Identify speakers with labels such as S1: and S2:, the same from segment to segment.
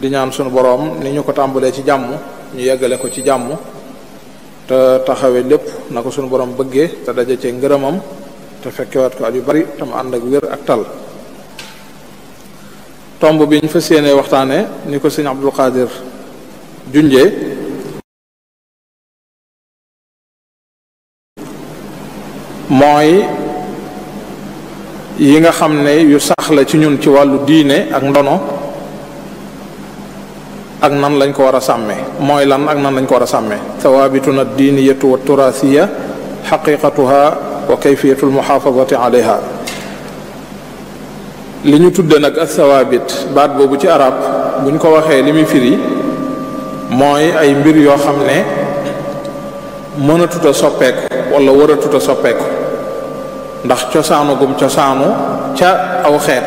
S1: di ñaan sunu boroom ni ñu ko tàmbalee ci jàmm ñu yeggale ko ci jàmm te taxawe lépp na ko sunu boroom bëggee te daje cee ngërëmam te fekkewaat ko at yu bari tam ànd ak wér ak tal tomb bi ñu fa séenee waxtaane ni ko sëñ Abdul Qadir junjee mooy yi nga xam ne yu sax la ci ñun ci wàllu diine ak ndono ak nan lañ ko war a sàmmee mooy lan ak nan lañ ko war a sàmmee thawaabituna diiniyatu wa turaasiya xaqiqatuha wa kayfiyatu almuxaafadati alayha li ñu tuddee nag ak thawaabit baat boobu ci arab buñ ko waxee li muy firi mooy ay mbir yoo xam ne mën a tuta soppeeku wala war soppeeku ndax cosaanu gum cosaanu ca aw xeet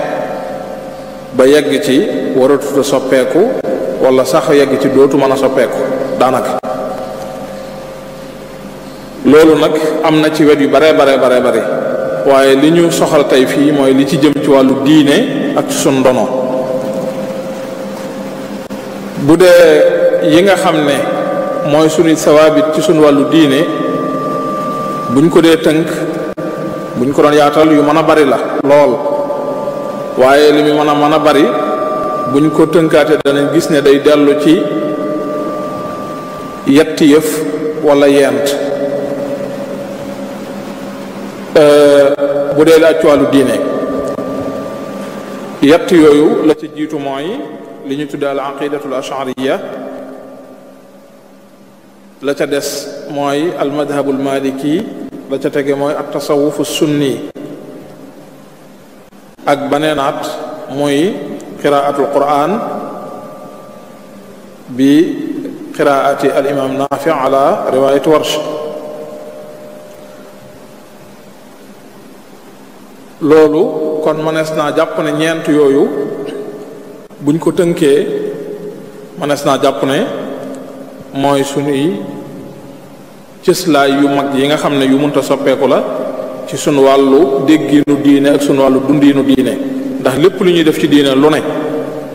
S1: ba yegg ci war soppeeku wala sax yegg ci dootu mën a soppeeku daanaka loolu nag am na ci wet yu bare bare bare bari waaye li ñu soxal tey fii mooy li ci jëm ci wàllu diine ak sun ndono bu dee yi nga xam ne mooy suñu sawaabit ci suñu wàllu diine buñ ko dee tënk buñ ko doon yaatal yu mën a bari la lool waaye li mu mën a mën a bari bu ñu ko tënkaate danañ gis ne day dellu ci yetti yëf walla yent bu dee la ci wàllu diine yett yooyu la ci jiitu mooy li ñu tuddee al aqidatul ashariya la ca des mooy al madhabul maliki la ca tege mooy ak tasawufu sunni ak banenaat mooy qiraatul quraan bi qiraati al imaam naafi ala riwaayati warsh loolu kon mënees naa jàpp ne ñeent yooyu buñ ko tënkee mënees naa jàpp ne mooy sunuy cëslaay yu mag yi nga xam ne yu mënta soppeeku la ci sunu wàllu dégginu diine ak sunu wàllu dundiinu diine ndax lépp lu ñuy def ci diina lu ne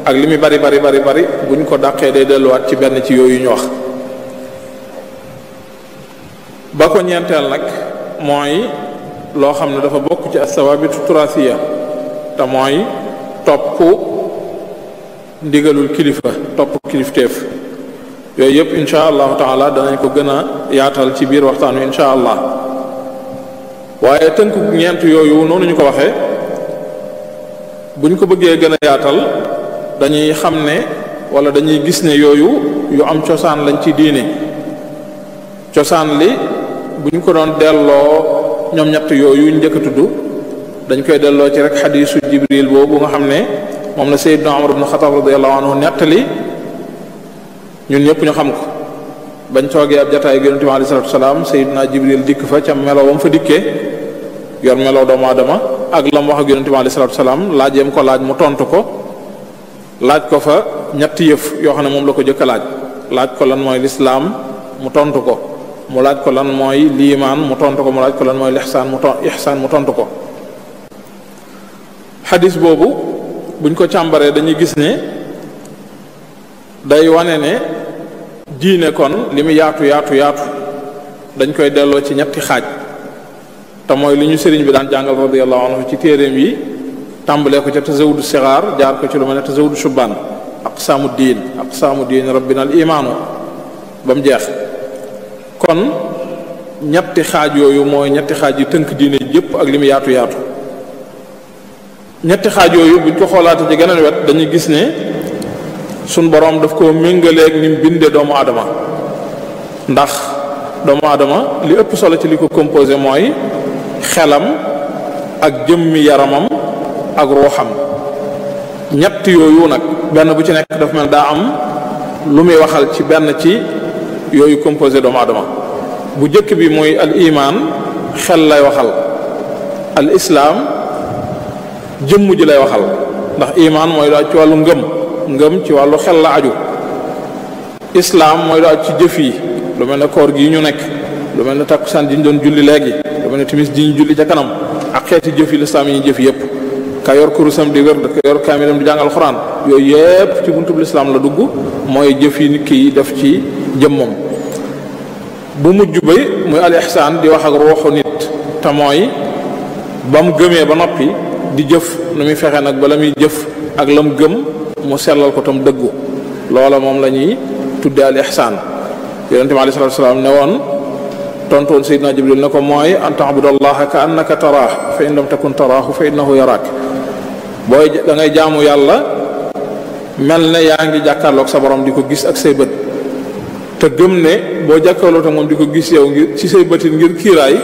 S1: ak li muy bari bari bari bari buñ ko dàqee day delluwaat ci benn ci yooyu ñu wax ba ko ñeenteel nag mooy loo xam ne dafa bokk ci asawaabitu turasiya te mooy topp ndigalul kilifa topp kilifteef yooyu yëpp insha allahu taala danañ ko gën a yaatal ci biir waxtaan wi insha allah waaye tënk ñeent yooyu noonu ñu ko waxee bu buñ ko bëggee gën a yaatal dañuy xam ne wala dañuy gis ne yooyu yu am cosaan lañ ci diine cosaan li bu ñu ko doon delloo ñoom ñett yooyu njëkk a tudd dañ koy delloo ci rek xadiisu jibril boobu nga xam ne moom la sayyidna Umar ibn Xattaab radiyallahu anhu nettali ñun ñëpp ñu xam ko bañ toogee ab jataay yonent bi alayhi salaatu wa salaam sayyidna jibril dikk fa ca meloo fa dikkee yoon meloo doomu aadama ak lam wax ak yonente bi alayhi salaatu salaam laajeem ko laaj mu tontu ko laaj ko fa ñetti yëf yoo xam ne moom la ko jëkk a laaj laaj ko lan mooy lislaam mu tontu ko mu laaj ko lan mooy liimaan mu tontu ko mu laaj mooy lixsaan mu ton ixsaan mu ko xadis boobu buñ ko càmbaree dañuy gis ne day wane ne diine kon li mu yaatu yaatu yaatu dañ koy delloo ci ñetti xaaj te mooy li ñu sëriñ bi daan jàngal radiyallahu anhu ci téeréem yi tàmbalee ko ca tazawudu sixaar jaar ko ci lu ma ne tazawudu subbaan aqsaamu diin aqsaamu diin rabbina al imaanu ba mu jeex kon ñetti xaaj yooyu mooy ñetti xaaj yi tënk diine yépp ak li mu yaatu yaatu ñetti xaaj yooyu buñ ko xoolaate ci geneen wet dañuy gis ne suñ boroom daf ko méngaleeg ni mu doomu adama ndax doomu aadama li ëpp solo ci li ko composé mooy xelam ak jëmmi yaramam ak ruuxam ñett yooyu nag benn bu ci nekk dafa mel daa am lu muy waxal ci benn ci yooyu composé doomu aadama bu jëkk bi mooy al imaan xel lay waxal al islaam jëmm ji lay waxal ndax imaan mooy daa ci wàllu ngëm ngëm ci wàllu xel la aju islaam mooy daa ci jëf yi lu mel ne koor gi ñu nekk lu mel ne takkusaan ji ñu doon julli léegi lu mel ne timis ji ñu julli ca kanam ak xeeti jëf yi lislaam yi ñu jëf yépp ka yor kurusam di wér ka yor kaamilam di jàngal xuraan yooyu yépp ci buntub lislaam la dugg mooy jëf yi nit ki def ci jëmmam bu mujj ba muy al ihsaan di wax ak ruuxu nit te mooy ba mu gëmee ba noppi di jëf nu muy fexe nag ba la muy jëf ak la mu gëm mu sellal ko tam dëggu loola moom la ñuy tudde al ihsaan yonente bi alayhi salaatu wasalaam ne woon tontu woon Seydina Jibril ne ko mooy an taabudallaha ka annaka taraahu na in lam takun taraahu fa innahu yaraak booy da ngay jaamu yàlla mel ne yaa ngi jàkkaarloog sa borom di ko gis ak say bët te gëm ne boo jàkkaarloo moom di ko gis yow ngir ci say bëtin ngir kiiraay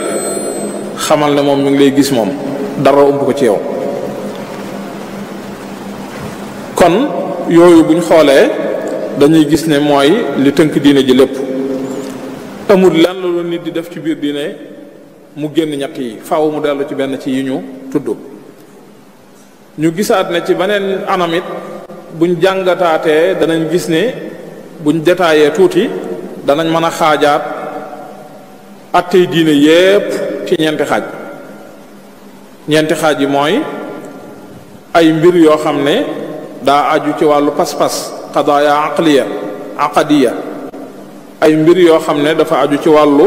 S1: xamal ne moom mi ngi lay gis moom dara ump ko ci yow kon yooyu buñ xoolee dañuy gis ne mooy li tënk diine ji lépp xamul lan la nit di def ci biir diine mu génn ñetti yi mu dellu ci benn ci yi ñu tudd ñu gisaat ne ci beneen anam it buñ jàngataatee danañ gis ni buñ détaillé tuuti danañ mën a xaajaat attey diine yépp ci ñeenti xaaj ñeenti xaaj yi mooy ay mbir yoo xam ne daa aju ci wàllu pas-pas qadaaya aqliya aqadiya ay mbir yoo xam ne dafa aju ci wàllu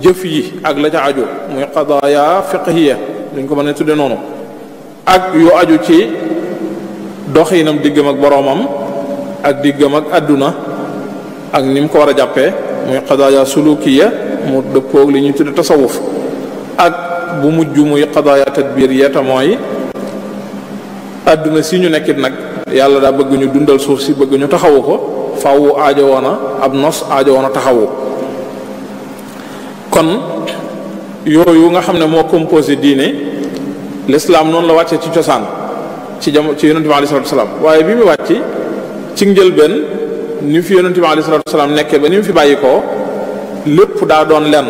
S1: jëf yi ak la ca aju muy qadaaya fiqhiya dañ ko ma ne tudde noonu ak yu aju ci doxinam diggam ak boroomam ak diggam ak àdduna ak ni mu ko war a jàppee muy qadaaya sulukiya mu dëppoog li ñuy tudde tasawuf ak bu mujj muy qadaaya tadbiriya te mooy àdduna si ñu nekkit nag yàlla daa bëgguñu dundal suuf si bëgguñu taxawu ko faww aajo woona ab nos aajo woona taxawu kon yooyu nga xam ne moo composé diine l'islam noonu la wàccee ci cosaan ci jam ci yonente bi alei salatu waaye bi mu wàcc ci benn ni fi yonente bi alei salatu wasalaam nekkee ba ni mu fi bàyyi ko lépp daa doon lenn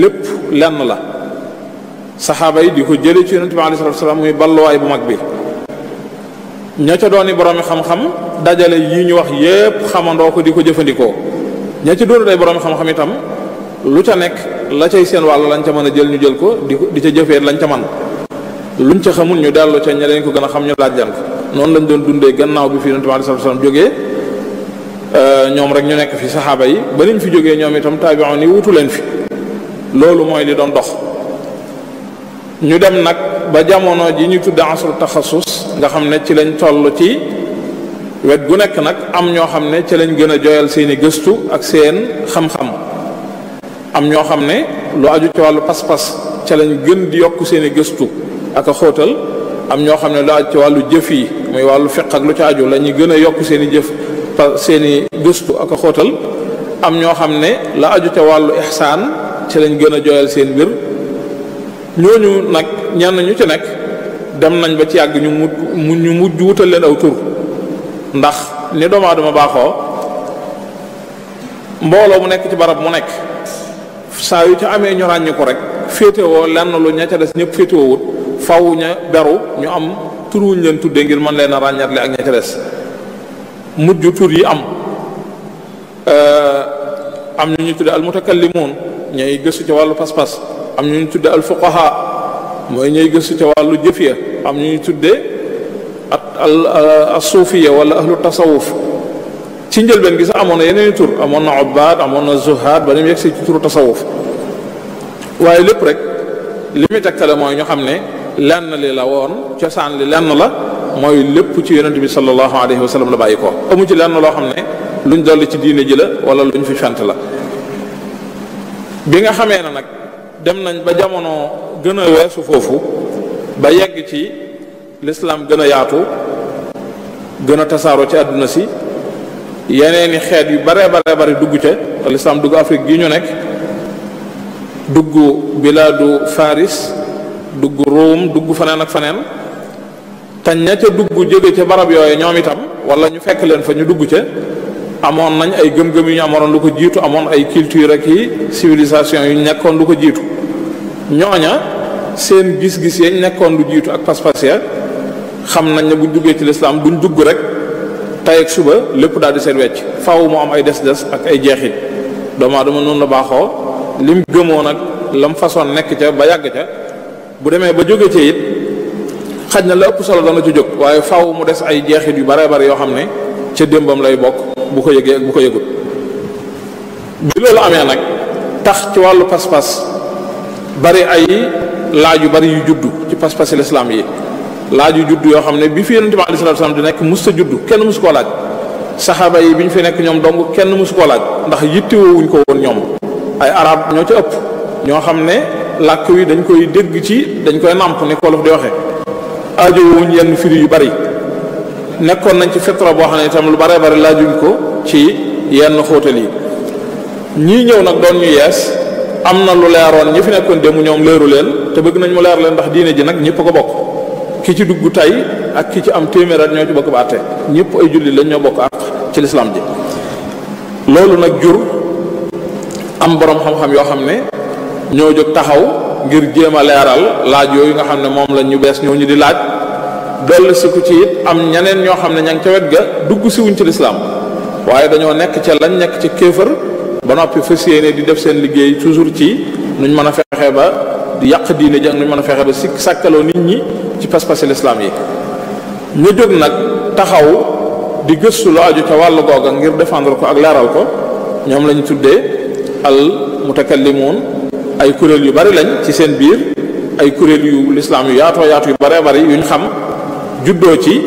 S1: lépp lenn la saxaaba yi di ko jëlee ci yonente bi alei salatu wasalaam muy balluwaay bu mag bi ña ca dooni boroomi xam-xam dajale yi ñu wax yépp xamandoo ko di ko jëfandikoo ña ca doonu day boroomi xam-xam itam lu ca nekk la cay seen wàll lañ ca mën a jël ñu jël ko di di ca jëfee lañ ca man luñ ca xamul ñu dellu ca ña leen ko gën a xam ñu laaj leen ko noonu lañ doon dundee gannaaw bi fi yonent bi sallallahu alayhi wasallam jógee euh, ñoom rek ñu nekk fi saxaaba yi ba niñ fi jógee ñoom itam taabi'un yi wutu leen fi loolu mooy li doon dox ñu dem nag ba jamono ji ñu tudd asru taxasus nga xam ne ci lañ toll ci wet gu nekk nag am ñoo xam ne ci lañ gën a joyal seeni gëstu ak seen xam am ñoo xam ne lu aju ci wàllu pas-pas ca lañ gën di yokk seeni gëstu ak a xóotal am ñoo xam ne lu aju ci wàllu jëf yi muy wàllu fiq ak lu ci aju la ñuy gën a yokk seeni jëf pa seeni gëstu ak a xóotal am ñoo xam ne la aju ca wàllu ixsaan ci lañ gën a joyal seen mbir ñooñu nag ñenn ñu ci nekk dem nañ ba ci yàgg ñu mu ñu mujj wutal leen aw tur ndax ni doomu aadama baaxoo mbooloo mu nekk ci barab mu nekk saa yu ci amee ñu ràññi ko rek féetewoo lenn lu ña ca des ñëpp féetewoo wut faw ña beru ñu am tur wuñ leen tuddee ngir man leen a ràññatle ak ña ca des mujj tur yi am am ñu ñu tudde al mutakallimun ñay gëstu ci wàllu pas-pas am ñu ñu tudde al fuqaha mooy ñuy gëstu ca wàllu jëf ya am ñu ñu tuddee at al euh, suufiya wala ahlu tasawuf ci njëlbeen gi sax amoon na yeneen tur amoon na obbaad amoon na zuhaad ba ni mu yegg si ci turu tasawuf waaye lépp rek li muy tegtale mooy ñu xam ne lenn li la woon cosaan li lenn la mooy lépp ci yonent bi sallallahu alayhi wa sallam la bàyyi ko amu ci lenn loo xam ne luñ dolli ci diine ji la wala luñ fi fent la bi nga xamee na nag dem nañ ba jamono gën a weesu foofu ba yegg ci lislaam gën a yaatu gën a tasaaro ci àdduna si yeneeni xeet yu bare bare bare dugg ca te lislaam dugg Afrique gi ñu nekk dugg bilaadu Faris dugg Rome dugg faneen ak faneen te ña ca dugg jóge ca barab yooyu ñoom itam wala ñu fekk leen fa ñu dugg ca amoon nañ ay gëm-gëm yu ñu amoon lu ko jiitu amoon ay culture ak yi civilisation yu nekkoon lu ko jiitu ñooña seen gis-gis yañ nekkoon lu jiitu ak pas-pas ya xam nañ ne buñ juggee ci lislaam duñ dugg rek tey ak suba lépp daal di seen wecc faaw mu am ay des-des ak ay jeexit doomu aadama noonu la baaxoo lim gëmoo nag lam façon nekk ca ba yàgg ca bu demee ba jóge ca it xaj na la ëpp solo dana ci jóg waaye faaw mu des ay jeexit yu bare bare yoo xam ne ca démbam lay bokk bu ko yëgee bu ko yëgut bi loolu amee nag tax ci wàllu pas-pas bari ay laaj yu bari yu juddu ci pas-pasi lislaam yi laaj yu juddu yoo xam ne bi fi yonente bi alayhi salaatu salaam di nekk mus ta juddu kenn mus koo laaj saxaaba yi bi ñu fi nekk ñoom dong kenn mus koo laaj ndax yittewoowuñ ko woon ñoom ay arab ñoo ci ëpp ñoo xam ne làkk wi dañ koy dégg ci dañ koy nàmp ni kolof di waxe aajowuñ yenn firi yu bari nekkoon nañ ci fitra boo xam ne itam lu bare bare laajuñ ko ci yenn xóotal yi ñii ñëw nag doon ñu yees am na lu leeroon ñi fi nekkoon démb ñoom leeru leen te bëgg nañ mu leer leen ndax diine ji nag ñëpp ko bokk ki ci dugg tey ak ki ci am téeméer at ñoo ci bokk ba àtte ñëpp ay julli lañ ñoo bokk ak ci lislaam ji loolu nag jur am borom xam-xam yoo xam ne ñoo jóg taxaw ngir jéem a leeral laaj yooyu nga xam ne moom la ñu bees ñoo ñu di laaj dolli si ci it am ñeneen ñoo xam ne ña ngi ca wet ga dugg siwuñ ci lislaam waaye dañoo nekk ca lañ nekk ca kéefër ba noppi fas yéene di def seen liggéey toujours ci nuñ mën a fexe ba di yàq diine ji ak nuñ mën a fexe ba si sàkkaloo nit ñi ci pas-pasi lislaam yi ñu jóg nag taxaw di gëstu lu aju ca wàllu googa ngir défendre ko ak leeral ko ñoom lañu tuddee al mutakallimuun ay kuréel yu bari lañ ci seen biir ay kuréel yu lislaam yu yaatoo yaatu yu bare bari yuñ xam juddoo ci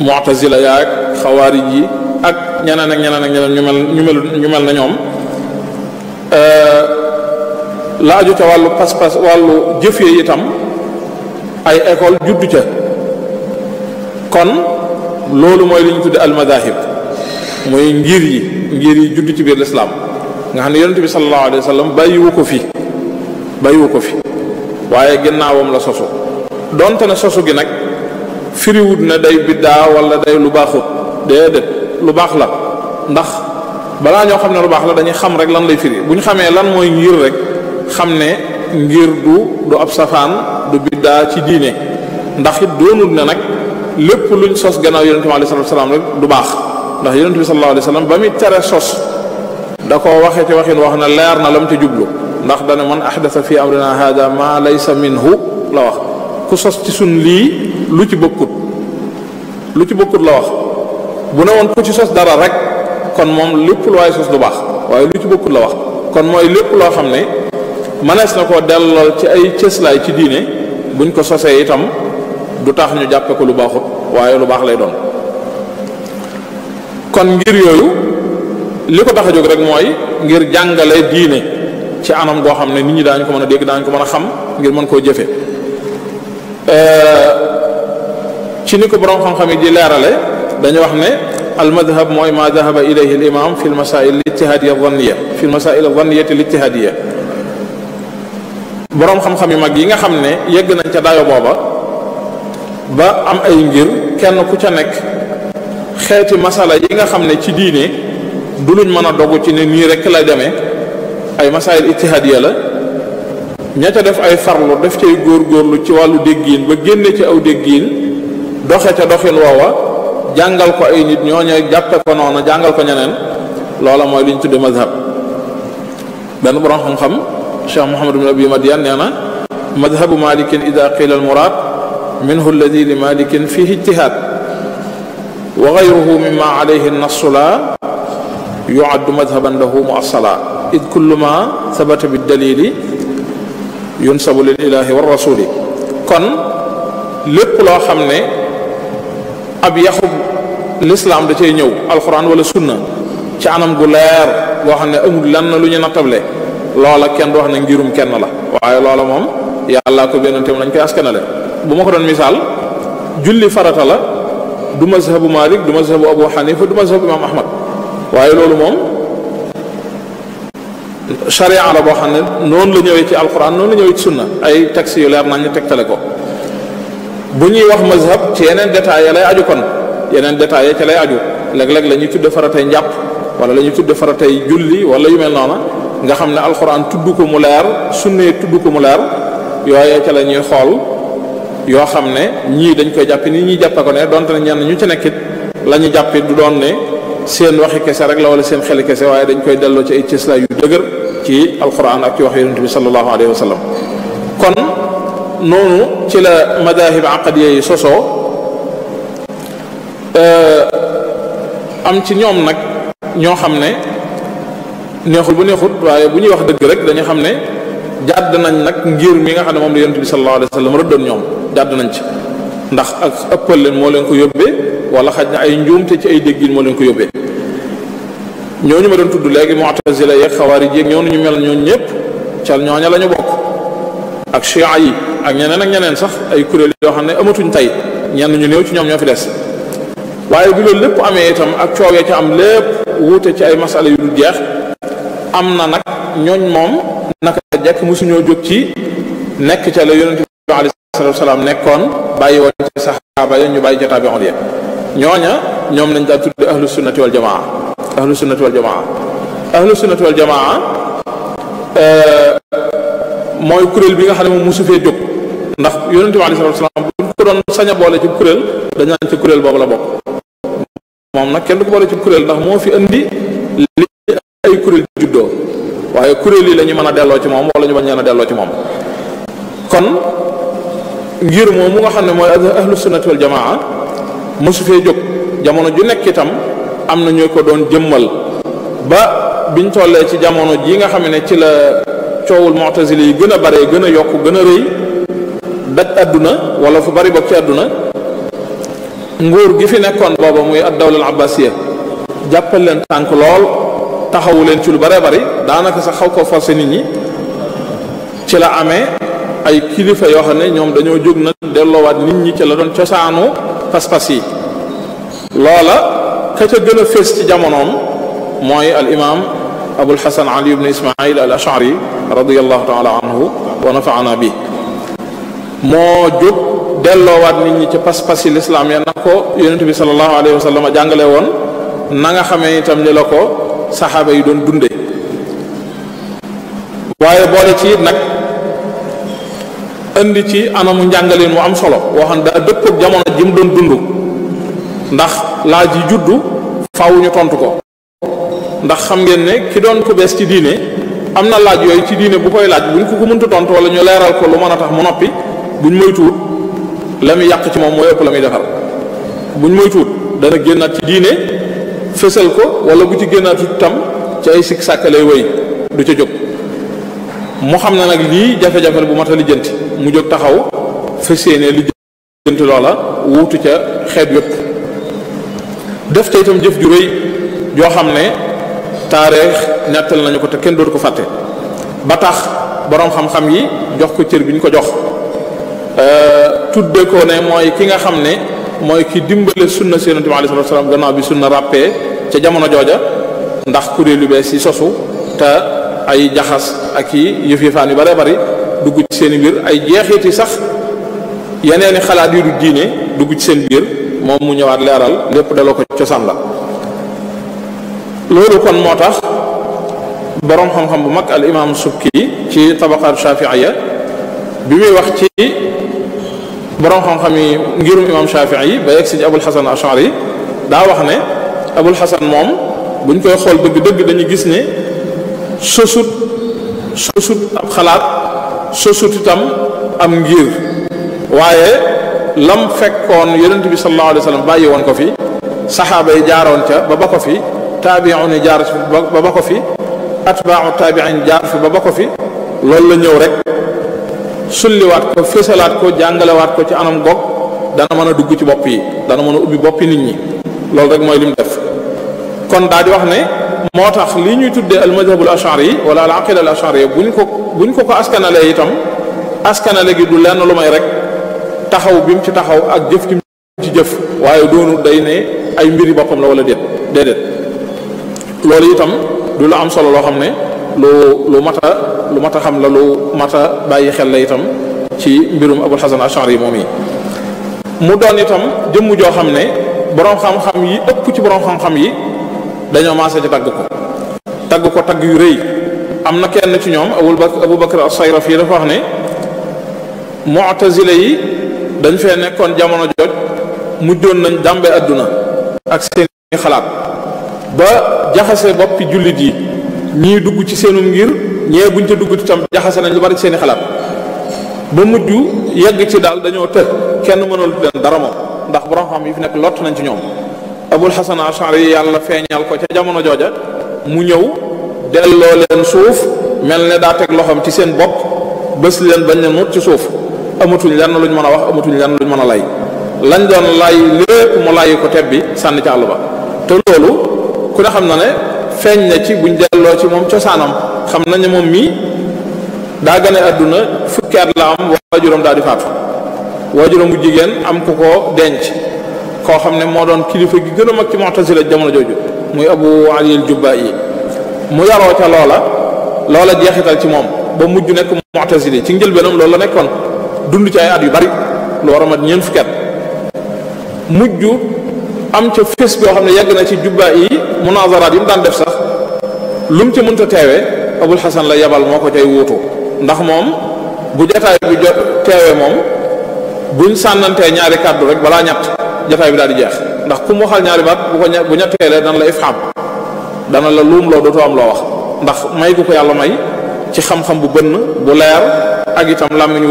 S1: mu'tazila yaak xawaarij yi ak ñeneen ak ñeneen ak ñeneen ñu mel ñu mel ñu mel na ñoom euh, laaju ca wàllu pas-pas wàllu jëf yi itam ay école juddu ca kon loolu mooy li ñu tudde almadahib mooy ngir yi ngir yi juddu ci biir lislaam nga xam ne yonente bi sallallahu alayhi bàyyiwu ko fi bàyyiwu ko fi waaye ginnaawam la sosu donte na sosu gi nag firiwut na day biddaa walla day lu baaxut déedéet lu baax la ndax balaa ñoo xam ne lu baax la dañuy xam rek lan lay firi bu ñu xamee lan mooy ngir rek xam ne ngir du du ab safaan du biddaa ci diine ndax it doonul ne nag lépp luñ sos gannaaw yonente bi alayhi salaam rek du baax ndax yonente bi sallallahu alayhi wasallam ba muy tere sos da ko waxee ci wax na leer na lam ci jublu ndax dana man ahdasa fi amrina hada ma laysa minhu la wax ku sos ci suñ lii lu ci bokkut lu ci bokkut la wax bu ne woon ku ci sos dara rek kon moom lépp lu waaye sos du baax waaye lu ci bokkut la wax kon mooy lépp loo xam ne mënees na ko dellool ci ay cëslaay ci diine buñ ko sosee itam du tax ñu jàppe ko lu baaxut waaye lu baax lay doon kon ngir yooyu li ko tax a jóg rek mooy ngir jàngale diine ci anam goo xam ne nit ñi daañu ko mën a dégg daañu ko mën a xam ngir mën koo jëfe Euh, ci ni ko borom xam-xam yi di leerale dañu wax ne almadhab mooy ma dahaba ilayhi al imam fi lmasail lijtihadia danniya fi lmasail danniyati lijtihadia boroom xam-xam yi mag yi nga xam ne yegg nañ ca dayo booba ba am ay ngir kenn ku ca nekk xeeti masala yi nga xam ne ci diine du luñ mën a dogg ci ne nii rekk la demee ay masail ijtihadia la ña ca def ay farlu daf cay góorlu ci wàllu déggiin ba génne ci aw déggiin doxe ca doxin woowa jàngal ko ay nit ñooñu jàppe ko noonu jàngal ko ñeneen loola mooy li ñu tudde mazhab benn borom xam-xam cheikh muhammad bin abi madian nee na madhabu malikin ida qila al murad minhu alladi li malikin fihi ijtihad wa gayruhu mimma alayhi nasu la yuaddu madhaban lahu muassala id kullu ma sabata bid dalili yunsabu lil ilahi war rasuli kon lépp loo xam ne ab yaxub lislaam da cay ñëw alxuraan wala sunna ci anam gu leer boo xam ne amul lan lu ñu nattable loola kenn du wax ne ngirum kenn la waaye loola moom yàllaa ko benn tam lañ koy askanale bu ma ko doon misaal julli farata la duma mazhabu malik du mazhabu abu xanifa du mazhabu imam ahmad waaye loolu moom charia la boo xam ne noonu la ñëwee ci alquran noonu la ñëwee ci sunna ay textes yu leer nañ ñu tegtale ko bu ñuy wax mazhab ci yeneen détails ya lay aju kon yeneen détails ya ca lay aju léeg lañuy la ñuy njàpp wala la ñuy tudde faratay julli wala yu mel noona nga xam ne alquran tudd ko mu leer sunne tudd ko mu leer yooyee ca ñuy xool yoo xam ne ñii dañ koy jàpp ni ñuy jàppe ko ne donte ne ñenn ñu ci nekkit la ñu jàpp du doon ne seen waxi kese rek la wala seen xeli kese waaye dañ koy delloo ci ay cëslaay yu dëgër ci alquran ak ci wax yonent bi sallallahu alayhi wa sallam kon noonu ci la madahib aqadiya yi sosoo euh, am ci ñoom nag ñoo xam ne neexul bu neexut waaye bu ñuy wax dëgg rek dañu xam ne jàdd nañ nag ngir mi nga xam ne moom la yonent bi sallallahu alayhi wa sallam rëddoon ñoom jàdd nañ ci ndax ak ëppal leen moo leen ko yóbbee wala xaj na ay njuumte ci ay déggin moo leen ko yóbbee ñooñu ma doon tudd léegi mu'tazila yeeg xawaarij yeeg ñooñu ñu mel ñooñu ñëpp ca ñooña la ñu bokk ak chia yi ak ñeneen ak ñeneen sax ay kuréel yoo xam ne amatuñ tey ñenn ñu néew ci ñoom ñoo fi des waaye bi lépp amee itam ak coowee ca am lépp wuute ci ay masala yu dul jeex am na nag ñooñ moom naka jekk musuñoo jóg ci nekk ca la yonent bi alayhi salaatu wasalaam nekkoon bàyyi woo ci saxaaba ya ñu bàyyi ca taabi'oon ya ñooña ñoom nañ daan tudde ahlu sunnati wal jamaa ahlu sunnati wal jamaa ahlu sunnati wal jamaa euh, mooy kuréel bi nga xam ne moom mosu fee jóg ndax yonente bi alei salatu salaam buñ boole ci kuréel dañ naan kuréel boobu la bokk moom nag kenn du ko ci kuréel ndax moo fi indi li ay kuréel kuréel yi la mën a delloo ci moom wala ñu bañ leen ci moom kon ngir moom mu nga xam ne mooy ahlu sunnati wal jamaa mosu jóg jamono ju nekk itam am na ñu ko doon jëmmal ba biñ tollee ci jamono ji nga xam ne ci la coowul mu'tazili yi gën a bare gën a yokk gën a rëy daj àdduna wala fu bari bokk ci àdduna nguur gi fi nekkoon booba muy ad-dawla al-abbasiya jàppal leen tànk lool taxawu leen ci lu bare bari daanaka sax xaw ko forcé nit ñi ci la amee ay kilifa yoo xam ne ñoom dañoo jóg nag delloowaat nit ñi ci la doon cosaanu pas-pas yi loola ka ca a fés ci jamonoom mooy al imaam abul xasan ali ibn ismail al ashari radiallahu taala anhu wa nafaana bi moo jóg delloowaat nit ñi ci pas-pasi lislaam ya na ko yonente bi salallahu jàngale woon na nga itam ni la ko saxaaba yi doon dunde waaye boole ci it nag indi ci anamu njàngaleen mu am solo woo xam daa dëppook jamono ji mu doon dund ndax laaj yi juddu faaw ñu tontu ko ndax xam ngeen ne ki doon ku bees ci diine am na laaj yooyu ci diine bu koy laaj buñ ko ko mënta tontu wala ñu leeral ko lu mën a tax mu noppi buñ moytuwut la muy yàq ci moom mooy ëpp defal buñ moytuwut dana génnaat diine fësal ko wala bu ci génnaatut tam ci ay sikk sàkk woy wéy du ca jóg mu xam ne nag lii jafe-jafe bu mat a lijjanti mu jóg taxaw fas yéene lijjanti loola wuutu ca xeet yépp def ca itam jëf ju rëy joo xam ne taarix nettal nañu ko te kenn dootu ko fàtte ba tax boroom xam-xam yi jox ko cër bi ñu ko jox euh, tudde ko ne mooy ki nga xam ne mooy ki dimbale sunna si yonente bi alei salatu salaam gannaaw bi sunna ràppee ca jamono jooja ndax kuréel yu bees yi sosu te ay jaxas ak yi yëf yëfaan yu bare bari dugg ci seen biir ay jeexiti sax yeneeni xalaat yu du diine dugg ci seen biir moom mu ñëwaat leeral lépp daloo ko cosaan la loolu kon moo tax boroom xam-xam bu mag al imaam subki ci tabaqaat ya bi muy wax ci boroom xam-xam yi ngirum imaam shafii ba yegg si ci abul xasan ashari daa wax ne abul xasan moom buñ koy xool dëgg-dëgg dañu gis ne sosut sosut ab xalaat sosut itam am ngir waaye lam fekkoon yonent bi sallallahu alayhi wa sallam bàyyi woon ko fi saxaaba yi jaaroon ca ba ba ko fi taabi'un yi jaar ba ba ko fi atbaa'u taabi'in jaar fi ba ba fi loolu la ñëw rek sulliwaat ko fésalaat ko jàngalewaat ko ci anam gog dana mën a dugg ci bopp yi dana mën a ubbi boppi nit ñi loolu rek mooy lim def kon daa di wax ne moo tax li ñuy tuddee al madhabul ashari yi wala al aqida al ashari yi bu ñu ko bu ñu ko ko askanalee itam askanale gi du lenn lu may rek taxaw bi mu ci taxaw ak jëf ki mu ci jëf waaye doonu day ne ay mbiri boppam la wala déet déedéet loolu itam du la am solo loo xam ne lu lu mata lu mata xam la lu mata bàyyi xel la itam ci mbirum Abul Hasan Ashari moom yi mu doon itam jëmm joo xam ne boroom xam-xam yi ëpp ci boroom xam-xam yi dañoo maase ci tagg ko tagg ko tagg yu rëy am na kenn ci ñoom Abu Bakr Abu Bakr as dafa wax ne mu'tazila yi dañ fee nekkoon jamono jooj mujjoon nañ dàmbe àdduna ak seeni xalaat ba jaxase boppi jullit yi ñii dugg ci seenum ngir ñee buñ ca dugg tam jaxase nañ lu bari seeni xalaat ba mujj yegg ci daal dañoo të kenn mënul leen dara ma ndax borom xam yi fi nekk lott nañ ci ñoom abul xasan ashari yàlla feeñal ko ca jamono jooja mu ñëw delloo leen suuf mel ne daa teg loxoom ci seen bopp bés leen bañ leen mut ci suuf amatuñ lenn luñ mën a wax amatuñ lenn luñ mën a lay lañ doon lay lépp mu layi ko teb sànni ca àll ba te loolu ku ne xam na ne feeñ na ci buñ delloo ci moom cosaanam xam nañ ne moom mii daa àdduna fukki at la am waajuram daal di faatu waajuram bu jigéen am ku ko denc koo xam ne moo doon kilifa gi gën a mag ci mu'tazila jamono jooju muy abu ali al jubba yi mu yaroo ca loola loola jeexital ci moom ba mujj nekk mu'tazili ci njëlbeenam loolu la nekkoon dund ci ay at yu bari lu war a mat ñeent fukki mujj am ca fés boo xam ne yàgg na ci jubba yi munazaraat yi mu daan def sax lu mu ca mënta teewee abul xasan la yabal moo ko cay wuutu ndax moom bu jataay bi jot teewee moom buñ sànnantee ñaari kàddu rek balaa ñett jataay bi daal di jeex ndax ku mu waxal ñaari baat bu ko bu ñetteelee dana la ifham dana la luum loo dootoo am loo wax ndax may gu ko yàlla may ci xam-xam bu bënn bu leer ak itam làmmiñ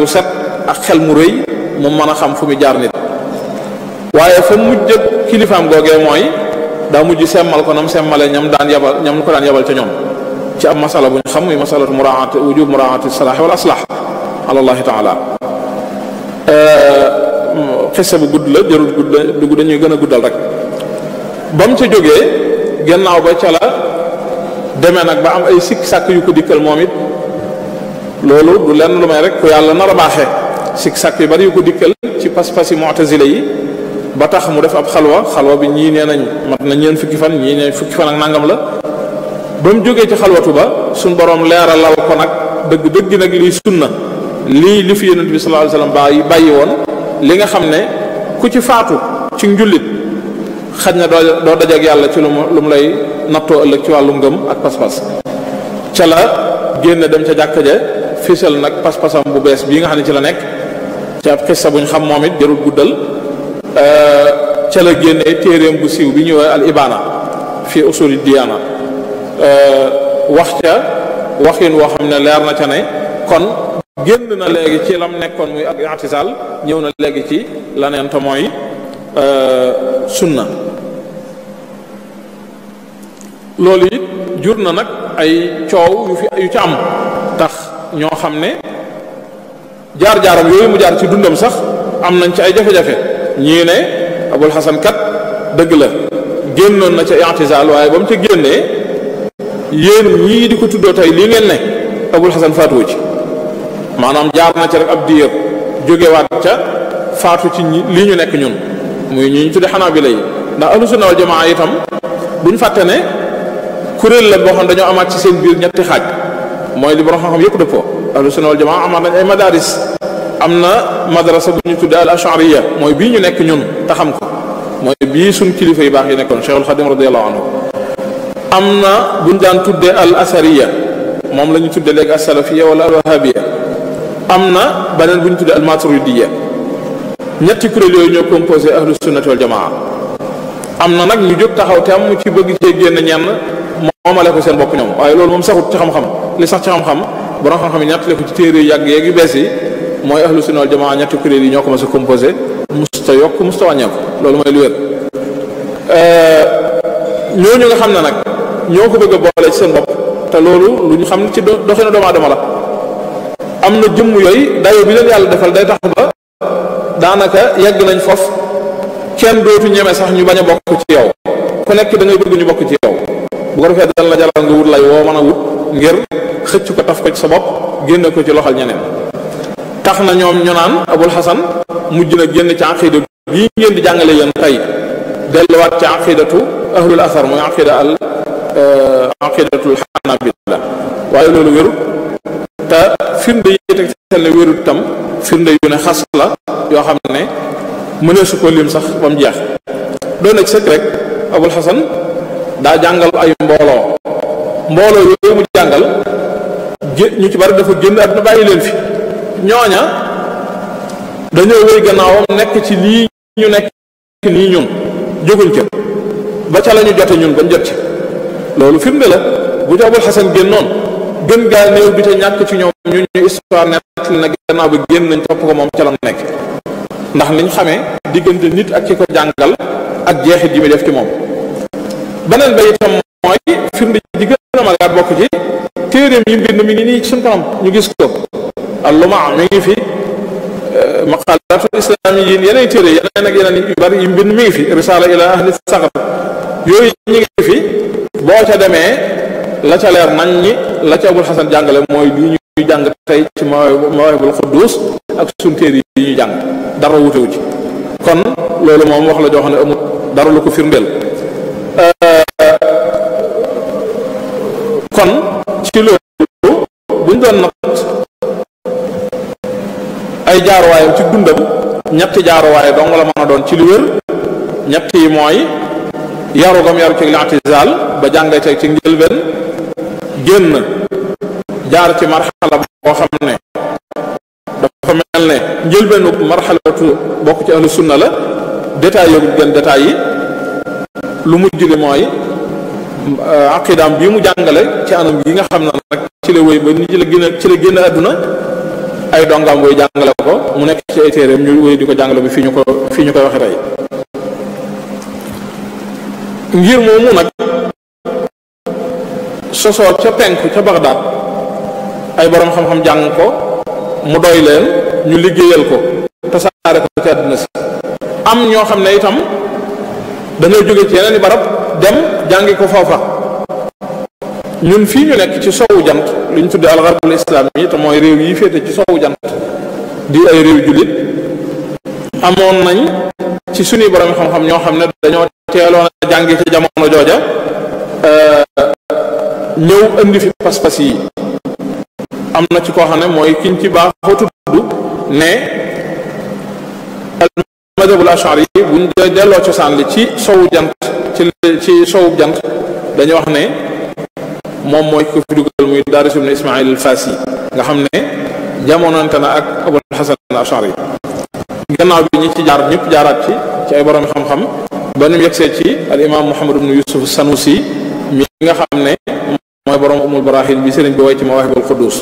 S1: ak xel mu rëy mu mën a xam fu mu jaar nit waaye fa mujj ak kilifaam googee mooy daa mujj semmal ko nam semmale ñam daan yabal ñam ko daan yabal ca ñoom ci am masala bu ñu xam muy masalatu muraat wujub muraati salaax wal aslax alallahi taala xissa bu gudd la jarul dugg dañuy gën a guddal rek ba mu ca jógee gannaaw ba ca la demee nag ba am ay sikk sàkk yu ko dikkal moom it loolu du lenn lu may rek ku yàlla nar a sik sàkk yu bari ko dikkal ci pas-pasi mu'tazila yi ba tax mu def ab xalwa xalwa bi ñii nee nañ mat na ñeen fukki fan ñii nee fukki fan ak nangam la ba mu jógee ci xalwatu ba suñ boroom leeral leeralal ko nag dëgg dëggi nag lii na lii li fi yonent bi sallallahu alayhi wasallam bàyyi bàyyi woon li nga xam ne ku ci faatu ci njulit xaj na doo doo dajeek yàlla ci lu mu lu mu lay nattoo ëllëg ci wàllu ngëm ak pas-pas ca la génn dem ca jàkka ja fisal nag pas-pasam bu bees bii nga xam ne ci la nekk ci ab xissa buñ xam moom it jarul guddal euh, ca la génnee téeréem bu siiw bi ñëwee al ibaana fii usuli diyaana euh, wax ca waxin woo xam ne leer na ca ne kon génn na léegi ci lam nekkoon muy ak i'tisaal ñëw na léegi ci laneen te mooy euh, sunna loolu it jur na nag ay coow yu fi yu ci am tax ñoo xam ne jaar-jaaram yooyu mu jaar ci dundam sax am nañ ci ay jafe-jafe ñii ne abul xasan kat dëgg la génnoon na ca i'tizaal waaye ba mu ca génnee yéen ñii di ko tuddoo tey lii ngeen ne abul xasan faatuwu ci maanaam jaar na ca rek ab diir jógewaat ca faatu ci ñi lii ñu nekk ñun muy ñu ñu tudde xanaa bi lay ndax ahlu sunna wal jamaa itam buñ fàtte ne kuréel la boo xam dañoo amaat ci seen biir ñetti xaaj mooy li borom xam-xam yëpp dëppoo ahlu sunna wal jamaa amaan nañ ay madaris am na madrasa bu ñu tudde al ashariya mooy bii ñu nekk ñun te xam ko mooy bii suñ kilifa yu baax yi nekkoon cheikhul xadim radiallahu anhu am na buñ daan tudde al asariya moom la ñu tudde léegi asalafiya wala al wahabiya am na beneen bu ñu tudde al maturidiya ñetti kuréel yooyu ñoo composé ahlu sunnati wal jamaa am na nag ñu jóg taxaw te am mu ci bëgg cee génn ñenn moomale ko seen bopp ñoom waaye loolu moom saxut ci xam-xam li sax ci xam-xam borom xam-xam yi ñettale ko ci téere yu yàgg yeeg yu bees yi mooy ahlu sunna wal jamaa ñetti kuréel yi ñoo ko mas a composé musta yokk musta wàññeeku loolu mooy lu wér euh, ñooñu nga xam ne nag ñoo ko bëgg a boole seen bopp te loolu lu ñu xam ci doxinu doomu aadama la am na jëmm yooyu dayo bi leen yàlla defal day tax ba daanaka yàgg nañ foofu kenn dootu ñeme sax ñu bañ a bokk ci yow ku nekk da ngay bëgg ñu bokk ci yow bu ko defee dal la jaral nga wut lay ngir xëcc ko taf ko ci sa bopp génne ko ci loxol ñeneen tax na ñoom ñu naan abul xasan mujj na génn ci aqida bii ngeen di jàngale yéen tey delluwaat ci aqidatu ahlul asar mooy aqida al euh, aqidatul xanabila waaye loolu wérut te firnde yi teg seen ne wérut tam firnde yu ne xas la yoo xam ne mënee su ko lim sax ba mu jeex doon na ci rek abul xasan daa jàngal ay mbooloo mbooloo yooyu mu jàngal ñu ci bari dafa génn àdduna bàyyi leen fi ñooña dañoo wéy gannaawam nekk ci lii ñu nekk nii ñun jóguñ ca ba ca la ñu jote ñun bañ jot ci loolu firnde la bu ci Abul Xasan génnoon gën gaa néew bi te ñàkk ci ñoom ñu ñu histoire nett na gannaaw ba génn nañ topp ko moom ca la nekk ndax niñ xamee diggante nit ak ki ko jàngal ak jeexit yi muy def ci moom beneen ba itam mooy firnde ji gën a mën a bokk ci téeréem yi mbind mi ngi nii ci suñ ñu gis ko alluma mi ngi fi euh, maqalatul islamiyin yeneen téere yeneen ak yeneen yu bari yu mbind mi ngi fi risala ila ahli saxar yooyu ñu ngi fi boo ca demee la ca leer nañ ñi la ca abul xasan jàngale mooy li ñu jàng tey ci mawaahibul quddus ak suñ téere yi ñu jàng dara wutewu ci kon loolu moom wax la joo xam ne amul dara lu ko firndeel euh, kon ci loolu buñ doon nat ay jaaruwaayam ci dundam ñetti jaaruwaay dong la mën a doon ci lu wér ñett mooy yaru gam yaru ci li'tizaal ba jàngay teg ci njëlbeen génn jaar ci marxala boo xam ne dafa mel ne njëlbeenu marxalatu bokk ci ahlu sunna la détails yooyu gën détails yi lu mujj li mooy Euh, aqidaam bii mu jàngale ci anam gi nga xam na nag ci la wéy ba ni ci la gën a ci la génn àdduna ay dongam booy jàngale ko mu nekk ci ay téeréem ñu wéy di ko jàngale bi fii ñu ko fii ñu koy waxe tey ngir moomu nag sosoo ca penku ca Bagdad ay boroom xam-xam jàng ko mu doy leen ñu liggéeyal ko tasaare ko ci àdduna si am ñoo xam ne itam dañoo jóge ci yeneen i barab dem jàngi ko foofa ñun fii ñu nekk ci sowu jant luñ ñu tuddee alxarbul islaam yi te mooy réew yi féete ci sowu jant di ay réew jullit amoon nañ ci suñuy borom xam-xam ñoo xam ne dañoo teeloon a jàngi ci jamono jooja euh, ñëw indi fi pas-pas yi am na ci koo xam ne mooy kiñ ci baaxoo tudd ne madhabul ashari yi buñ delloo cosaan li ci sowu jant ci ci sowu jant dañu wax ne moom mooy ko fi dugal muy Daaris ibn Ismail al Fasi nga xam ne jamonante na ak Abul Hasan Ashari gannaaw bi ñi ci jaar ñëpp jaaraat ci ci ay borom xam-xam ba nu yegsee ci al imaam Muhammad ibn Yusuf Sanusi mi nga xam ne mooy borom umul barahin bi sëriñ bi way ci Mawaahibul Quddus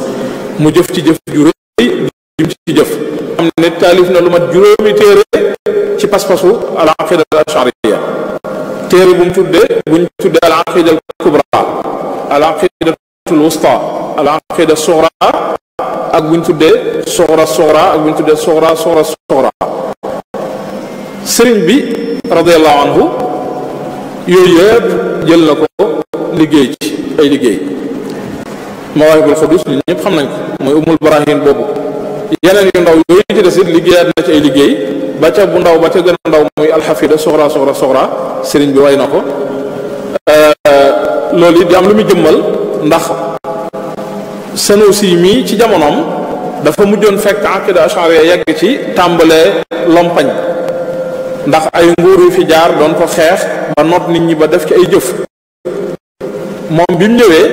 S1: mu jëf ci jëf ju rëy jëm ci jëf xam ne taalif na lu mat juróomi téere ci pas-pasu al aqida al ashariya téere bu mu tuddee buñ tuddee al aqida al kubra al aqidatul al sugra ak buñ tuddee sugra sugra ak sugra sugra sugra sëriñ bi anhu yooyu yëpp jël na ko liggéey ci ay liggéey mawaahibul xudus li nañ ko mooy umul barahin yeneen yu ndaw yooyu ci des it liggéeyaat na ci ay liggéey ba ca bu ndaw ba ca gën a ndaw muy alxafida soxra soxra soxra sëriñ bi way na ko euh, loolu it di am lu muy jëmmal ndax Sanusi mii ci jamonoom dafa mujjoon fekk aqida ashariya yegg ci tàmbalee lompañ ndax ay nguur yu fi jaar doon ko xeex ba noot nit ñi ba def ci ay jëf moom bi mu ñëwee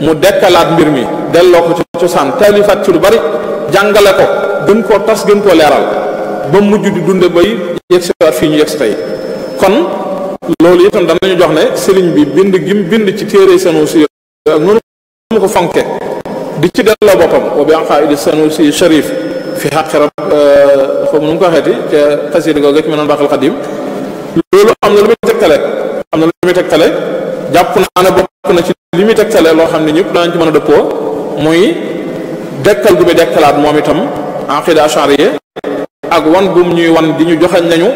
S1: mu dekkalaat mbir mi delloo ko ci cosaan taalifaat ci lu bari jàngale ko gën koo tas gën koo leeral ba mujj di dunde bay yegg si waat fii tey kon loolu itam danañu jox ne sëriñ bi bind gim bind ci téere Sanusi ak noonu di ci delloo boppam bi aqaa'idi Sanusi sharif fi xaqi rab euh, xaw ma nu mu ko waxeeti ca xasida googu ci mënoon baaxal xadim loolu am na lu muy tegtale am na lu muy tegtale jàpp naa ne bokk na ci li muy tegtale loo xam ne ñëpp danañ ci mën a dëppoo muy dekkal gu bi dekkalaat moom itam aqida ashariya ak wan gum ñuy wan di ñu joxañ nañu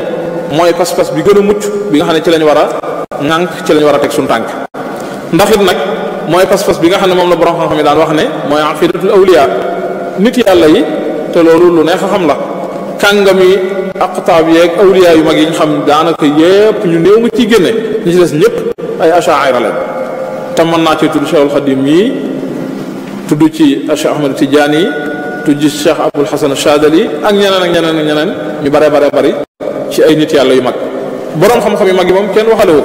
S1: mooy pas-pas bi gën a mucc bi nga xam ne ci lañu war a ŋànk ci lañu war a teg suñu tànk ndax it nag mooy pas-pas bi nga xam ne moom la borom xam-xam daan wax ne mooy aqidatul awliya nit yàlla yi te loolu lu neex a xam la kàngami aqtaab yeeg awliya yu mag yi ñu xam daanaka yépp ñu néew nga ciy génne ñi ci des ñëpp ay ashaira leen te mën naa ci tudd Cheikhul Xadim yi tudd ci Cheikh Ahmad Tidiane yi tudd ci Cheikh Abul ak ñeneen ak ñeneen ñeneen ñu bare bare bari ci ay nit yàlla yu mag boroom xam-xam yu mag yi moom kenn waxale wu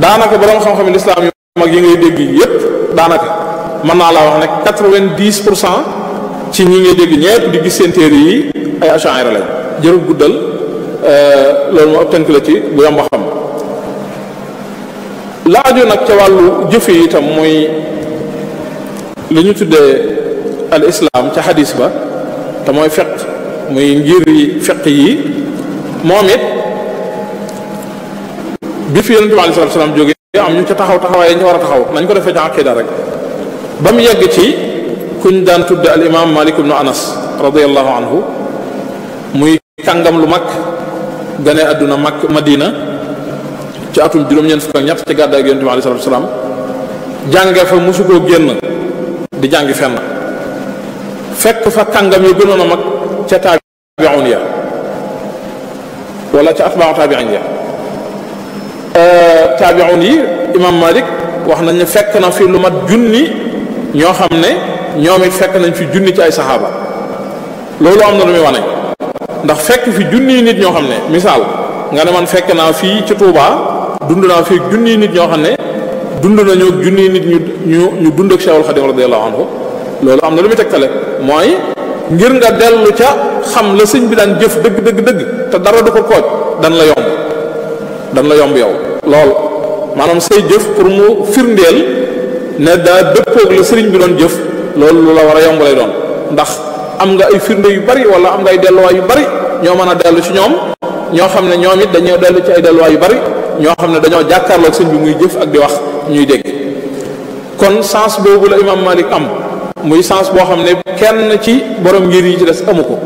S1: daanaka boroom xam-xam yu lislaam yu mag yi ngay dégg yépp daanaka mën naa laa wax ne quatre-vingt-dix pour cent ci ñi ngay dégg ñépp di gis seen yi ay Ash'ari lañ jërul guddal euh, loolu moo ëpp tënk la ci bu yomb a xam laaju nag ca wàllu jëfe itam mooy li ñu tuddee al islaam ca xadis ba te mooy fiq muy ngir yi fiq yi moom it bi fi yonent bi aleyhi salaatu salaam jógee am ñu ca taxaw taxawaay ñu war a taxaw nañ ko defee ci aqida rek ba mu yegg ci kuñ daan tudde al imaam malik ibnu anas radiallahu anhu muy kàngam lu mag gane àdduna mag madina ci atum juróom-ñeent fukk ak ñett ci gàddaay yonent bi aleyhi salaatu salaam jànge fa mosu koo génn di jàngi fenn fekk fa kàngam yu gënoon a mag ca taabi'un ya wala ca atbaaw taabi'in ya euh, taabi'un yi imam malik wax nañ ne fekk na fi lu mat junni ñoo xam ne ñoom it fekk nañ fi junni ci ay saxaaba loolu am na lu muy wane ndax fekk fi junni nit ñoo xam ne misaal nga ne man fekk naa fii ci Touba dund naa fii junni nit ñoo xam ne dund nañu junni nit ñu ñu ñu dund ak Cheikhul Khadim radiyallahu anhu loolu am na lu muy tegtale mooy ngir nga dellu ca xam la sëñ bi daan jëf dëgg dëgg dëgg te dara du ko kooj dan la yomb dan la yomb yow lool maanaam say jëf pour mu firndeel ne daa dëppoog la sëriñ bi doon jëf loolu la war a yomb lay doon ndax am nga ay firnde yu bari wala am nga ay delluwaay yu bari ñoo mën a dellu ci ñoom ñoo xam ne ñoom it dañoo dellu ci ay delluwaay yu bari ñoo xam ne dañoo jàkkaarloog sëñ bi muy jëf ak di wax ñuy dégg kon sens boobu la imam malik am muy sens boo xam ne kenn ci borom ngir yi ci des amu ko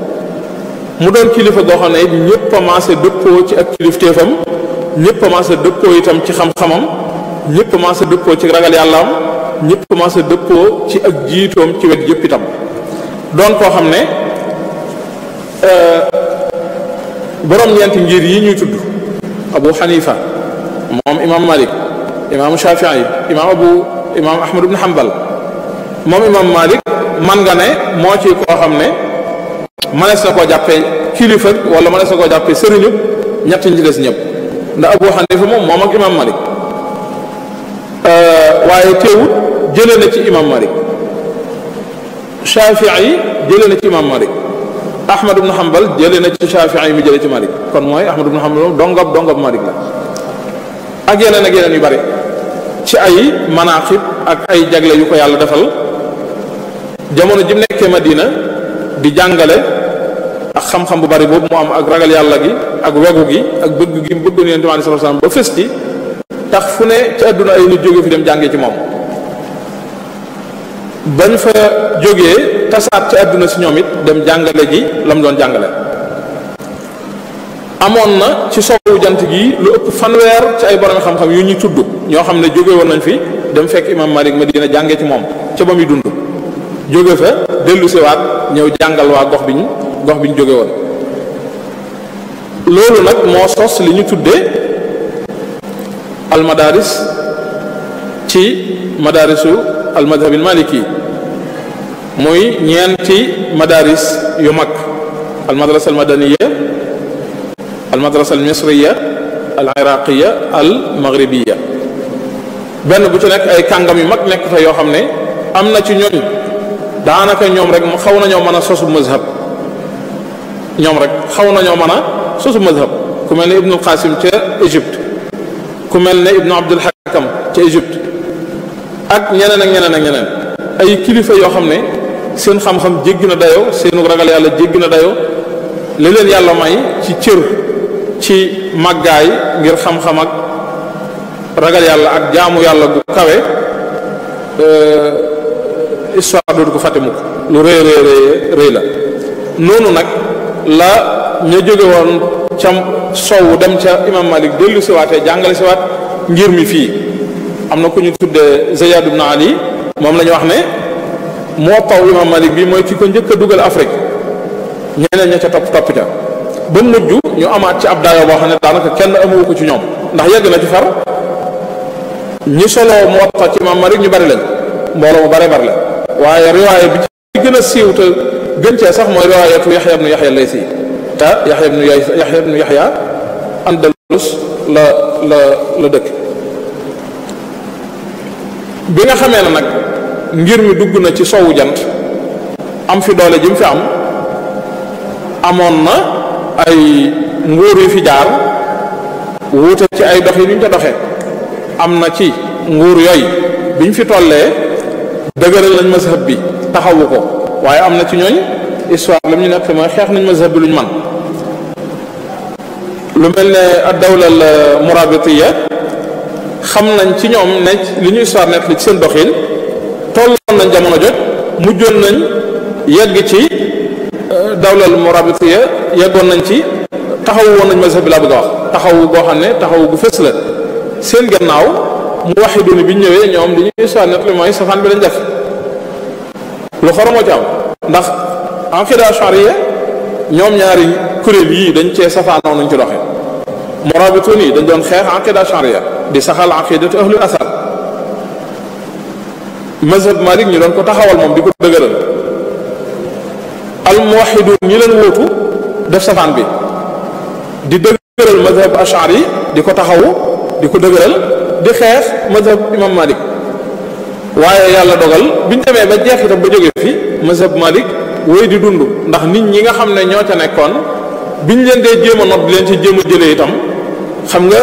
S1: mu doon kilifa goo xam ne it ñëpp commencé dëppoo ci ak kilifteefam ñëpp commencé dëppoo itam ci xam-xamam ñëpp commencé dëppoo ci ragal yàlla am ñëpp commencé dëppoo ci ak jiitoom ci wet yëpp itam doon koo xam ne euh, borom ñeenti ngir yi ñuy tudd Abu Hanifa moom imaam Malik imaam Shafii imaam Abu imaam Ahmad ibn Hanbal moom imaam Malik man nga ne moo ci koo xam ne mënees na koo jàppee kilifa wala mënees na koo jàppee sëriñu ñett ñi ci des ñëpp ndax Abu Hanifa moom moom ak imaam Malik euh, waaye teewut jële na ci imaam Malik Shafii jële na ci imaam Malik Ahmad ibn Hanbal jële na ci Shafii mi jële ci Malik kon mooy Ahmad ibn Hanbal moom dongab dongab Malik la ak yeneen ak yeneen yu bari ci ay manaaxib ak ay jagle yu ko yàlla defal jamono ji mu nekkee Madina di jàngale ak xam-xam bu bari boobu mu am ak ragal yàlla gi ak wegu gi ak bëgg gi mu bëggoon Yonent bi sallallahu alayhi wasallam ba fës ci tax fu ne ci àdduna ay nit jóge fi dem jàngee ci moom bañ fa jógee tasaat ci àdduna si ñoom it dem jàngale ji lam doon jàngale amoon na ci soowu jant gi lu ëpp fanweer ci ay borom xam-xam yu ñuy tudd ñoo xam ne jóge woon nañ fi dem fekk imam Malik Madina jànge ci moom ca ba muy dund jóge fa dellu siwaat ñëw jàngal waa gox bi ñu gox bi ñu jóge woon loolu nag moo sos li ñu tudde almadaris ci madarisu almadhabil maliki muy ñeenti madaris yu mag almadras almadaniya al madrasa al misriya al iraqiya al maghribiya benn bu ci nekk ay kàngam yu mag nekk fa yoo xam ne am na ci ñooñ daanaka ñoom rek xaw nañoo mën a sosu mazhab rek xaw nañoo mën a sosu mazhab ku mel ne ibnul qasim ca égypte ku mel ne ibnu abdul hakam ca égypte ak ñeneen ak ñeneen ak ñeneen ay kilifa yoo xam ne seen xam-xam jéggi na dayoo seenu ragal yàlla jéggi na dayoo li leen yàlla may ci cër ci màggaay ngir xam-xam ak ragal yàlla ak jaamu yàlla gu kawe euh, histoire dootu ko fàtte mukk lu rëy rëy rëy la noonu nag la ña jóge woon ca sowu dem ca imam malik dellu siwaatee jàngale siwaat ngir mi fii am na ku ñu tuddee Zayaad ibn yi moom la wax ne moo paw imam malik bi mooy ki ko njëkk dugal Afrique ñeneen ña ca topp topp ca ba mujj ñu amaat ci ab daayoo moo xam ne daanaka kenn amuwu ko ci ñoom ndax yegg na ci far ñi solo Muwatta ci Imaam Maalik ñu bari lañ mbooloo mu bare bari la waaye riwaaya bi ci gën a siiw te gën cee sax mooy riwaayatu Yaxya ibnu Yaxya Laysi te Yaxya ibnu Yaxya ibnu Yaxya Andalus la la dëkk bi nga xamee na nag ngir mi dugg na ci sowu jant am fi doole ji mu fi am amoon na ay nguur yu fi jaar wuute ci ay dox yi ñu doxe am na ci nguur bi ñu fi tollee dëgëral lañ mazhab bi taxawu ko waaye am na ci ñooñ histoire la ñu nekk mooy xeex nañ mazhab bi luñ man lu mel ne ad-dawla al-murabitiyya xam nañ ci ñoom ne li ñu histoire nekk li ci seen doxin tolloon nañ jamono jot mujjoon nañ yegg ci dawlal murabitiya yeggoon nañ ci taxaw woon nañ mazhab bi laa bëgg a wax taxaw goo xam ne taxaw gu fës la seen gannaaw mu waxi duni bi ñëwee ñoom li ñuy soxna li mooy safaan bi lañ def lu ci am ndax anqida charia ñoom ñaari kuréel yii dañ cee safaanoo nañ ci doxee murabitun yi dañ doon xeex anqida charia di saxal anqidatu ahlul asar mazhab malik ñu doon ko taxawal moom di ko dëgëral muwaxidun ñi leen wóotu def safaan bi di dëgëral madhab ashari yi di ko taxawu di ko dëgëral di xeex madhab imam malik waaye yàlla dogal biñ demee ba jeexitam ba jógee fi madhab malik wooy di dund ndax nit ñi nga xam ne ñoo ca nekkoon bi ñu leen dee jéem a not di leen ci jéem a jëlee itam xam nga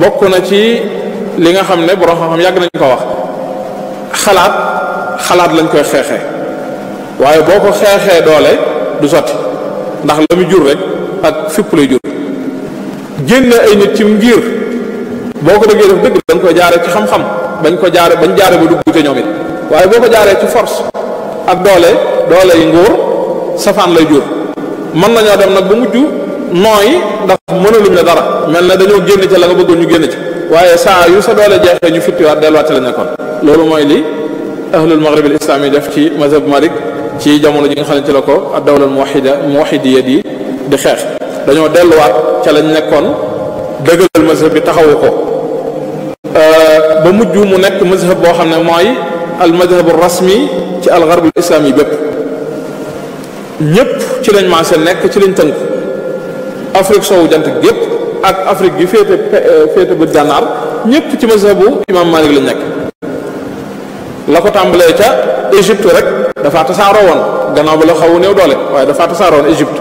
S1: bokk na ci li nga xam ne borom xam-xam yàgg nañ ko wax xalaat xalaat lañ koy xeexee waaye boo ko xeexee doole du sotti ndax la mu jur rek ak fipp lay jur génn ay nit ci ngir boo ko dëggee def dëgg dañ ko jaare ci xam-xam ko jaare bañ jaare ba dugg te ñoom it waaye boo ko jaaree ci force ak doole doole yi nguur safaan lay jur mën nañoo dem nag ba mujj nooy ndax mënaluñ la dara mel na dañoo génn ci la nga bëggoon ñu génn ci waaye saa yu sa doole jeexee ñu fittiwaat delluwaat ci la nekkoon loolu mooy li ahlul maghrib al islami def ci mazhab Malik ci jamono ji nga xam ne ci la ko addawla muwahida muwahidiya di di xeex dañoo delluwaat ca lañ nekkoon dëgëral mazhab bi taxawu ko euh, ba mujj mu nekk mazhab boo xam ne mooy al mazhabu rasmi ci al garbul yi bépp ñépp ci lañ maase nekk ci lañ tënk Afrique sowu jant gépp ak Afrique gi féete euh, féete bu gànnaar ñépp ci mazhabu imam Malik lañ nekk la ko tàmbalee ca Égypte rek dafa tasaaroo woon gannaaw ba la xaw new doole waaye dafa tasaaroo woon Égypte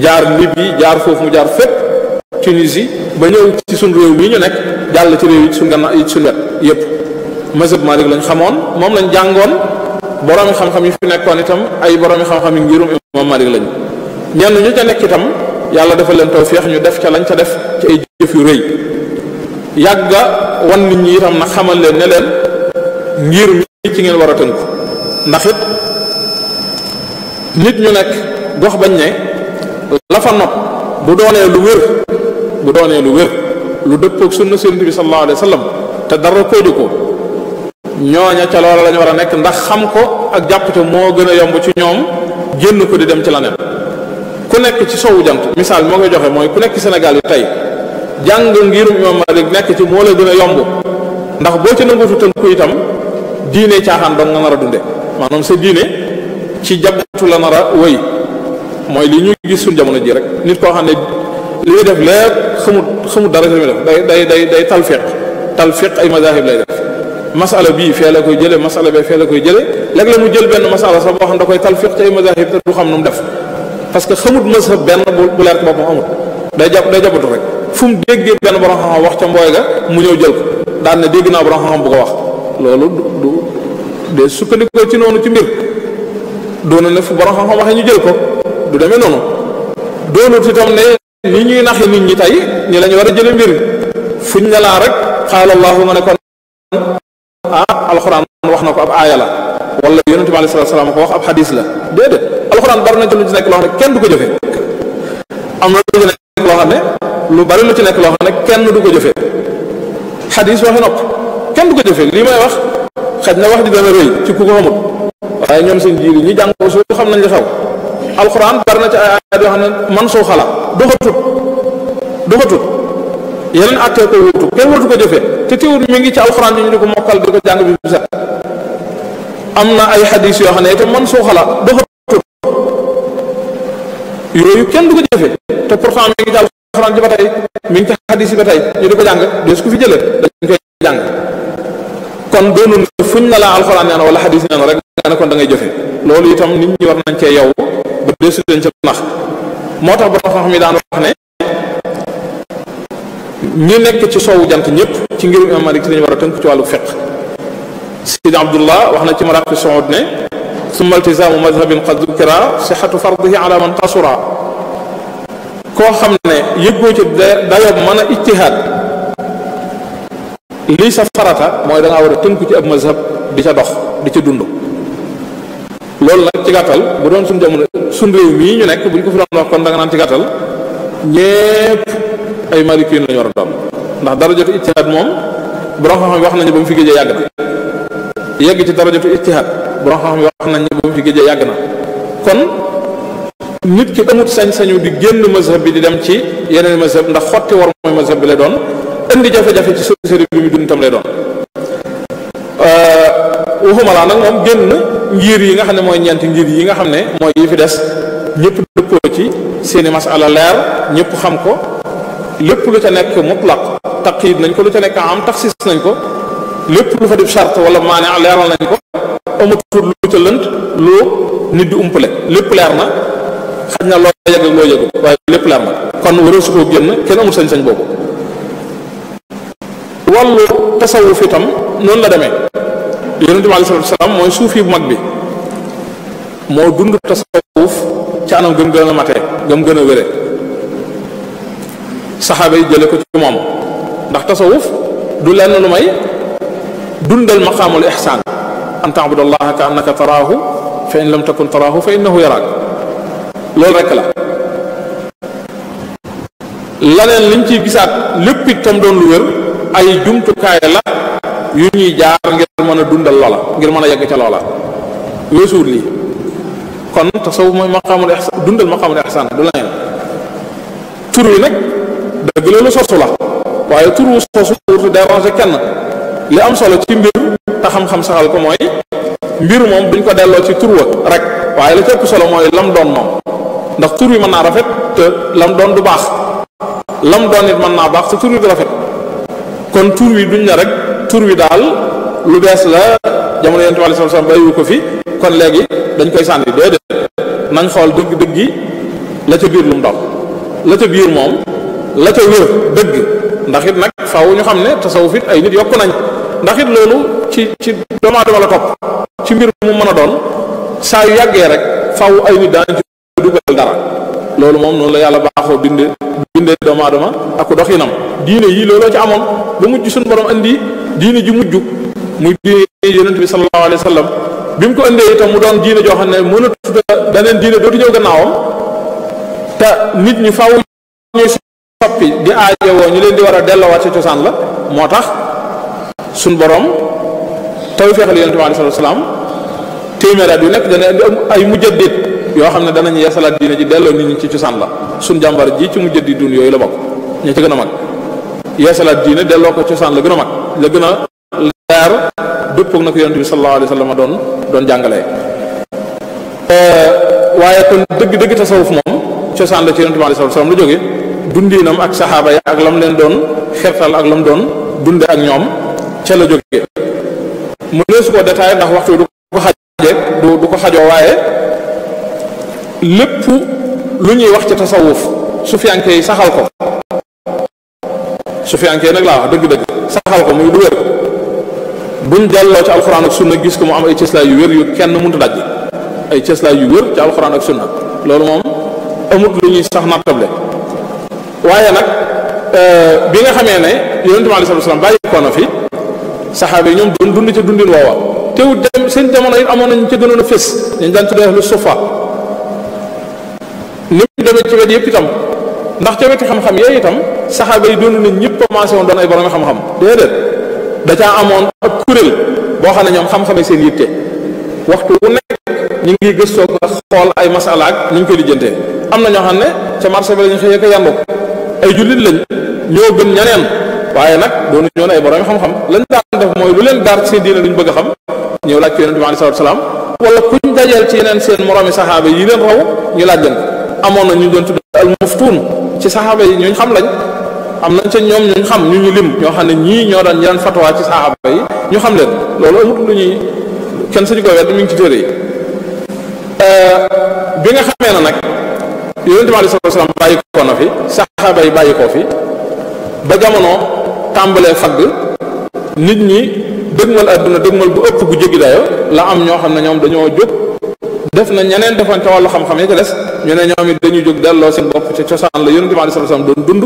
S1: jaar Libye jaar foofu mu jaar fépp Tunisie ba ñëw ci suñ réew mii ñu nekk jàll ci réew yi ci suñ gannaaw yi ci suñ wet yépp mazhab Malik lañ xamoon moom lañ jàngoon boroomi xam-xam yi fi nekkoon itam ay boroomi xam-xam yi ngirum imam Malik lañ ñenn ñu ca nekk itam yàlla dafa leen tawfiix ñu def ca lañ ca def ci ay jëf yu rëy yàgga wan nit ñi itam na xamal leen ne leen ngir mi ci ngeen war a tënku ndax nit ñu nekk gox bañ ne la fa nopp bu doonee lu wér bu doonee lu wér lu dëppoog sunna Sëriñ bi sallallahu alayhi wa te dara kóodi ko ñooña ca loola lañu war a nekk ndax xam ko ak jàpp moo gën a yomb ci ñoom génn ko di dem ci la nen ku nekk ci sowu jant misaal moo koy joxe mooy ku nekk Sénégal yi tey jàng ngirum imam Malik nekk ci moo la gën a yomb ndax boo ci nangutu tënku itam diine caaxaan dong nga nar a dunde maanaam sa diine ci jabatu la nar a mooy li ñu gis suñ jamono ji rek nit koo xam ne li muy def lépp xamut xamut dara li muy day day day day talfiq talfiq ay mazahib lay def masala bii fee la koy jële masala bee la la mu jël benn masala sax boo xam da koy talfiq ci ay mazahib te du xam nu mu def parce que xamut mazhab benn bu leer boppam amut day jàpp day jàppatu rek fu mu déggee benn borom xam-xam wax ca mbooy ga mu ñëw jël ko daan dégg naa borom xam-xam bu wax loolu de sukkandikoo ci noonu ci mbir doona ne fu borom xam-xam waxee ñu jël ko du demee noonu doonut itam ne ni ñuy naxe nit ñi tey ñi la ñu war a jële mbir fuñ ne laa rek qaala allahu nga ne kon ah alxuraan wax na ko ab aaya la wala yonente bi alei salatu salaam ko wax ab xadis la déedéet alxuraan bari nañ ci lu ci nekk loo xam ne kenn du ko jëfe am na lu ci nekk loo xam ne lu bari lu ci nekk loo xam ne kenn du ko jëfe xadis waxi nopp kenn du ko jëfee lii may wax xaj na wax di dana rëy ci ku ko xamul waaye ñoom seen jiir yi ñi jàng usul xam nañ li xaw alxuraan bari na ci ay ayat yoo xam ne man soo xalaat doxatut doxatut yeneen àttee koy wutu kenn ko jëfee te teewul mi ngi ci alxuraan bi ñu di ko mokkal di ko jàng bi bi sax am na ay xadis yoo xam ne itam man soo xalaat doxatut yooyu kenn du ko jëfee te pourtant mi ngi ci alxuraan ji ba tey mi ngi ci xadis yi ba tey ñu di ko jàng dees ku fi jëlee dañ koy jàng kon doonul fuñ na laa alxuraan nee na wala xadis nee rek nga ne kon da ngay jëfe loolu itam nit ñi war nañ cee yow ba desu leen ca nax moo tax ba xam-xam yi daan wax ne ñi nekk ci soowu jant ñëpp ci ngirum imam Malik lañu war a tënk ci wàllu fiq Sidi Abdullah wax na ci maraqi sood ne summa iltisaamu madhabin qad dukira sixatu fardihi ala man qasura koo xam ne yëggoo ci dayoob mën a ijtihaad lii sa farata mooy da war a tënku ci ab mazhab di ca dox di ca dund loolu nag ci gàttal bu doon suñ jamono suñ réew mii ñu nekk buñ ko fi doon wax kon da nga naan ci gàttal ñépp ay malikiin lañu war a doon ndax darajatu ijtihaad moom borom xam-xam wax nañ ba mu fi géejee yàgg na ci darajatu ijtihaad borom xam-xam wax nañu ba mu fi géejee yàgg na kon nit ki amut sañ-sañu di génn mazhab bi di dem ci yeneen mazhab ndax xotti war mooy mazhab bi lay doon indi jafe-jafe ci société bi mu dund tam lay doon euh, waxuma laa nag moom génn ngir yi nga xam ne mooy ñeenti ngir yi nga xam ne mooy yi fi des ñëpp dëppoo ci seeni masala leer ñëpp xam ko lépp lu ca nekk mutlaq taqid nañ ko lu ca nekk am tafsis nañ ko lépp lu fa dib charte wala maanaam leeral nañ ko amatul lu ca lënt lu nit di umpale lépp leer na xaj na loo yëg loo yëgul waaye lépp leer na kon waroo su koo génn kenn amul sañ-sañ boobu wàllu tasawuf itam noonu la deme yonente bi alei mooy suufi bu mag bi moo dund tasawuf ci anam gëm gën a matee gëm gën a wére saxaaba yi jële ko ci moom ndax tasawuf du lenn lu may dundal maqaamul ihsaan an taabudallaha ka annaka taraahu fa in lam takun taraahu fa innahu yaraak loolu rekk la laneen liñ ciy gisaat lépp itam doon lu wér ay jumtukaay la yu ñuy jaar ngir mën a dundal loola ngir mën a yegg ca loola weesuwul lii kon tasawuf mooy maqaamul ihsaan dundal maqaamul ihsaan du leneen tur wi nag dëgg la lu sosu la waaye tur wu sosu wurtu déranger kenn li am solo ci mbir te xam-xam saxal ko mooy mbir moom duñ ko delloo ci tur wa rek waaye la ci solo mooy lam doon moom ndax tur wi mën naa rafet te lam doon du baax lam doon it mën naa baax te tur wi du rafet kon tur wi duñ na rek tur wi daal lu bees la jamono yonent bi sallallahu alayhi wasallam ko fi kon léegi dañ koy sànni déedéet nañ xool dëgg-dëgg yi la ca biir lu mu la ca biir moom la ca wér dëgg ndax it nag faaw ñu xam ne tasawuf it ay nit yokk nañ ndax it loolu ci ci doomu aadama la topp ci mbir mu mën a doon saa yu yàggee rek faaw ay nit daan ci dugal dara loolu moom noonu la yàlla baaxoo bindee bindee doomu aadama ak doxinam diine yi looloo ci amoon ba mujj suñ boroom indi diine ji mujj mu diine yonent bi sallallahu alayhi wa sallam bi mu ko indee itam mu doon diine joo xam ne mënatu daneen diine dootu ñëw gannaawam te nit ñi faaw ñuy soppi di leen di war a delloowaat ci cosaan la moo tax suñ borom taw feexal yonent bi alayhi salaam téeméeraat yu nekk dana ay ay mujjadit yoo xam ne danañ yeesalaat diine ji delloo nit ñi ci cosaan la suñ jàmbar ji ci mu jëddi dun yooyu la bokk ña ci gën a mag yeesalaat diine delloo ko cosaan la gën a mag la gën a leer dëppoog na ko yonent bi sallallahu alayhi wa doon doon jàngalee eh, waaye kon dëgg dëgg tasawuf moom cosaan la ci yonent bi alayhi salaam lu jóge dundiinam ak saxaaba yi ak lam leen doon xertal ak lam doon dunde ak ñoom ca la jóge mu neesu ko détaillé ndax waxtu du ko xaje ko xajoo waaye lépp lu ñuy wax ci tasawuf sufiyanke yi saxal ko sufiyanke nag laa wax dëgg-dëgg saxal ko muy lu bu ñu delloo ci alxuraan ak sunna gis ko mu am ay cëslaay yu wér yu kenn mënta daj ay cëslaay yu wér ci alxuraan ak sunna loolu moom amut lu ñuy sax nattable waaye nag euh, bi nga xamee ne yonente bi aleyhi salaatu wa salaam na fi saxaaba yi ñoom doon dund ca dundin woowa teewut dem seen jamono yi amoon nañ ca gënoon a fés ñu daan tuddee lu sufa ni mu demee ci wet yëpp itam ndax ca wetu xam-xam yooyu itam saxaaba yi doon nañ ñëpp commencé woon doon ay borom xam-xam déedéet da caa amoon ab kuréel boo xam ne ñoom xam-xame seen yitte waxtu wu nekk ñu ngi gëstoo ko xool ay masala ak ñu ngi koy lijjantee am na ñoo xam ne ca marché ba la ñu xëyee ko yàndoo ay jullit lañ ñoo gën ñeneen waaye nag doonu ñoo ne ay borom xam-xam lañ daan def mooy lu leen daar ci seen diine luñ bëgg a xam ñëw laaj ci yeneen seen moroomi saxaaba yi leen raw ñu laaj leen amoon na ñu doon tudd al muftuun ci saxaaba yi ñooñ xam lañ am nañ ca ñoom ñuñ xam ñu ñu lim ñoo xam ne ñii ñoo daan ñaan fatwa ci saxaaba yi ñu xam leen loolu amut lu ñuy kenn suñu ko wedd mi ngi ci téere yi euh, bi nga xamee na nag yonente bi alei salatu salaam bàyyi ko na fi saxaaba yi bàyyi koo fi ba jamono tàmbalee fag nit ñi dëgmal àdduna dëgmal bu ëpp bu jéggi dayo la am ñoo xam ne ñoom dañoo jóg def na ñeneen defante wàllu xam-xam yi ci des ñu ne ñoom it dañu jóg delloo seen bopp ci cosaan la yonent bi aleyhi salaatu salaam doon dund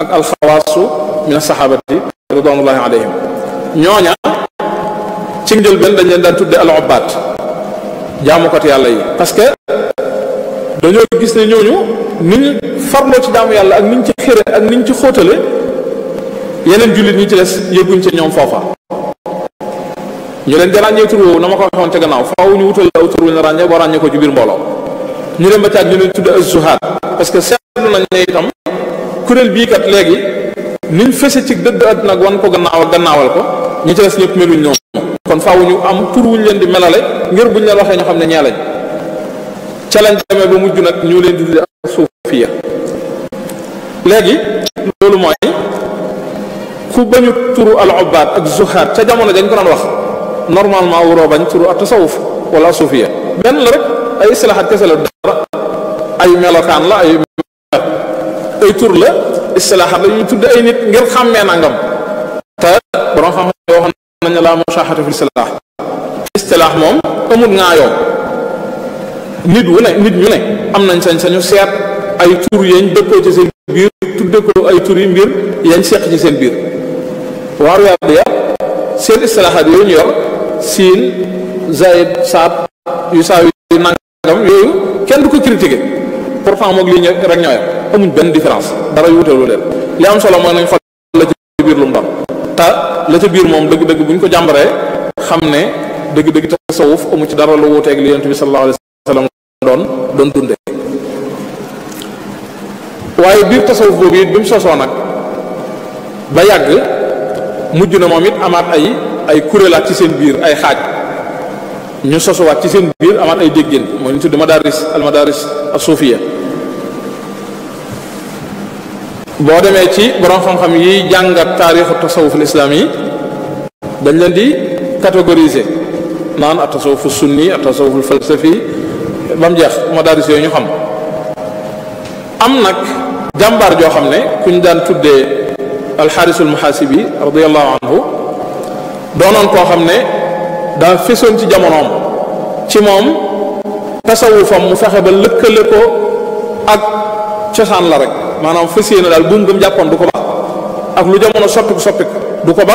S1: ak alxawaasu min asaxaabati ridwanullahi alayhim ñooña ci njëlbeen dañ leen daan tudde al ubbaat jaamukat yàlla yi parce que dañoo gis ne ñooñu ni ñu farloo ci jaamu yàlla ak ni ñu ci xire ak ni ñu ci fóotale yeneen jullit ñi ci des yëguñ ci ñoom foofa ñu leen di ràññee tur woowu na ma ko waxoon ca gannaaw faaw ñu wutal aw tur wu ñu ràññee boo ràññee ko ci biir mbooloo ñu dem ba caag ñu leen tudde parce que seetlu nañ ne itam kuréel bii kat léegi niñ fese ci dëdd àdduna ak wan ko gannaaw ak gannaawal ko ñi ci des ñëpp meluñ ñoom kon faaw ñu am tur wuñ leen di melale ngir buñ leen waxee ñu xam ne ñee lañ ca lañ demee ba nag ñu leen di tudde as-suufiya léegi loolu mooy ku bañu turu al-ubbaad ak zuhaat ca jamono dañ ko doon wax. normalement waroo bañ turu at tasawuf wala suufiya benn la rek ay istilahaat kese la dara ay melokaan la ay ay tur la istilahaat la ñuy tudd ay nit ngir xàmmee nangam te borom xam wax nañ la mushahatu fi istilah moom amul ngaayoo nit wu ne nit ñu ne am nañ sañ-sañu seet ay tur yañ dëppoo ci seen biir tudde ko ay tur yi mbir yañ seq ci seen biir waaru yàlla seen istilahaat yooyu ñu yor siin zayd saab yu saa yu nangam yooyu kenn du ko critiquer pourtant moog lii ñëw rek ñooyam amuñ benn différence dara yu wutelu leen li am solo mooy nañ xool la ca biir lu mu doon te la ca biir moom dëgg-dëgg bu ñu ko jàmbaree xam ne dëgg-dëgg tasawuf amu ci dara lu wuuteeg li yonent bi sallallahu alayhi waaye biir tasawuf boobu it bi mu sosoo nag ba yàgg mujj na moom it amaat ay ay kuréelaat ci seen biir ay xaaj ñu sosowaat ci seen biir amaat ay déggin mooy ñu tudd madaris al madaris asuufiya boo demee ci borom xam-xam yi jàngat taarixu tasawuf lislaam yi dañ leen di catégoriser naan a tasawufu sunni a tasawufu falsafi ba jeex madaris yooyu ñu xam am nag jàmbaar joo xam ne kuñ daan tuddee alxaarisul muhaasibi radiyallahu anhu doonoon koo xam ne daa fesoon ci jamonoom ci moom tasawufam mu fexe ba lëkkale ko ak cosaan la rek maanaam fas yéene daal buum gëm jàppoon du ko ba ak lu jamono soppiku soppiku du ko ba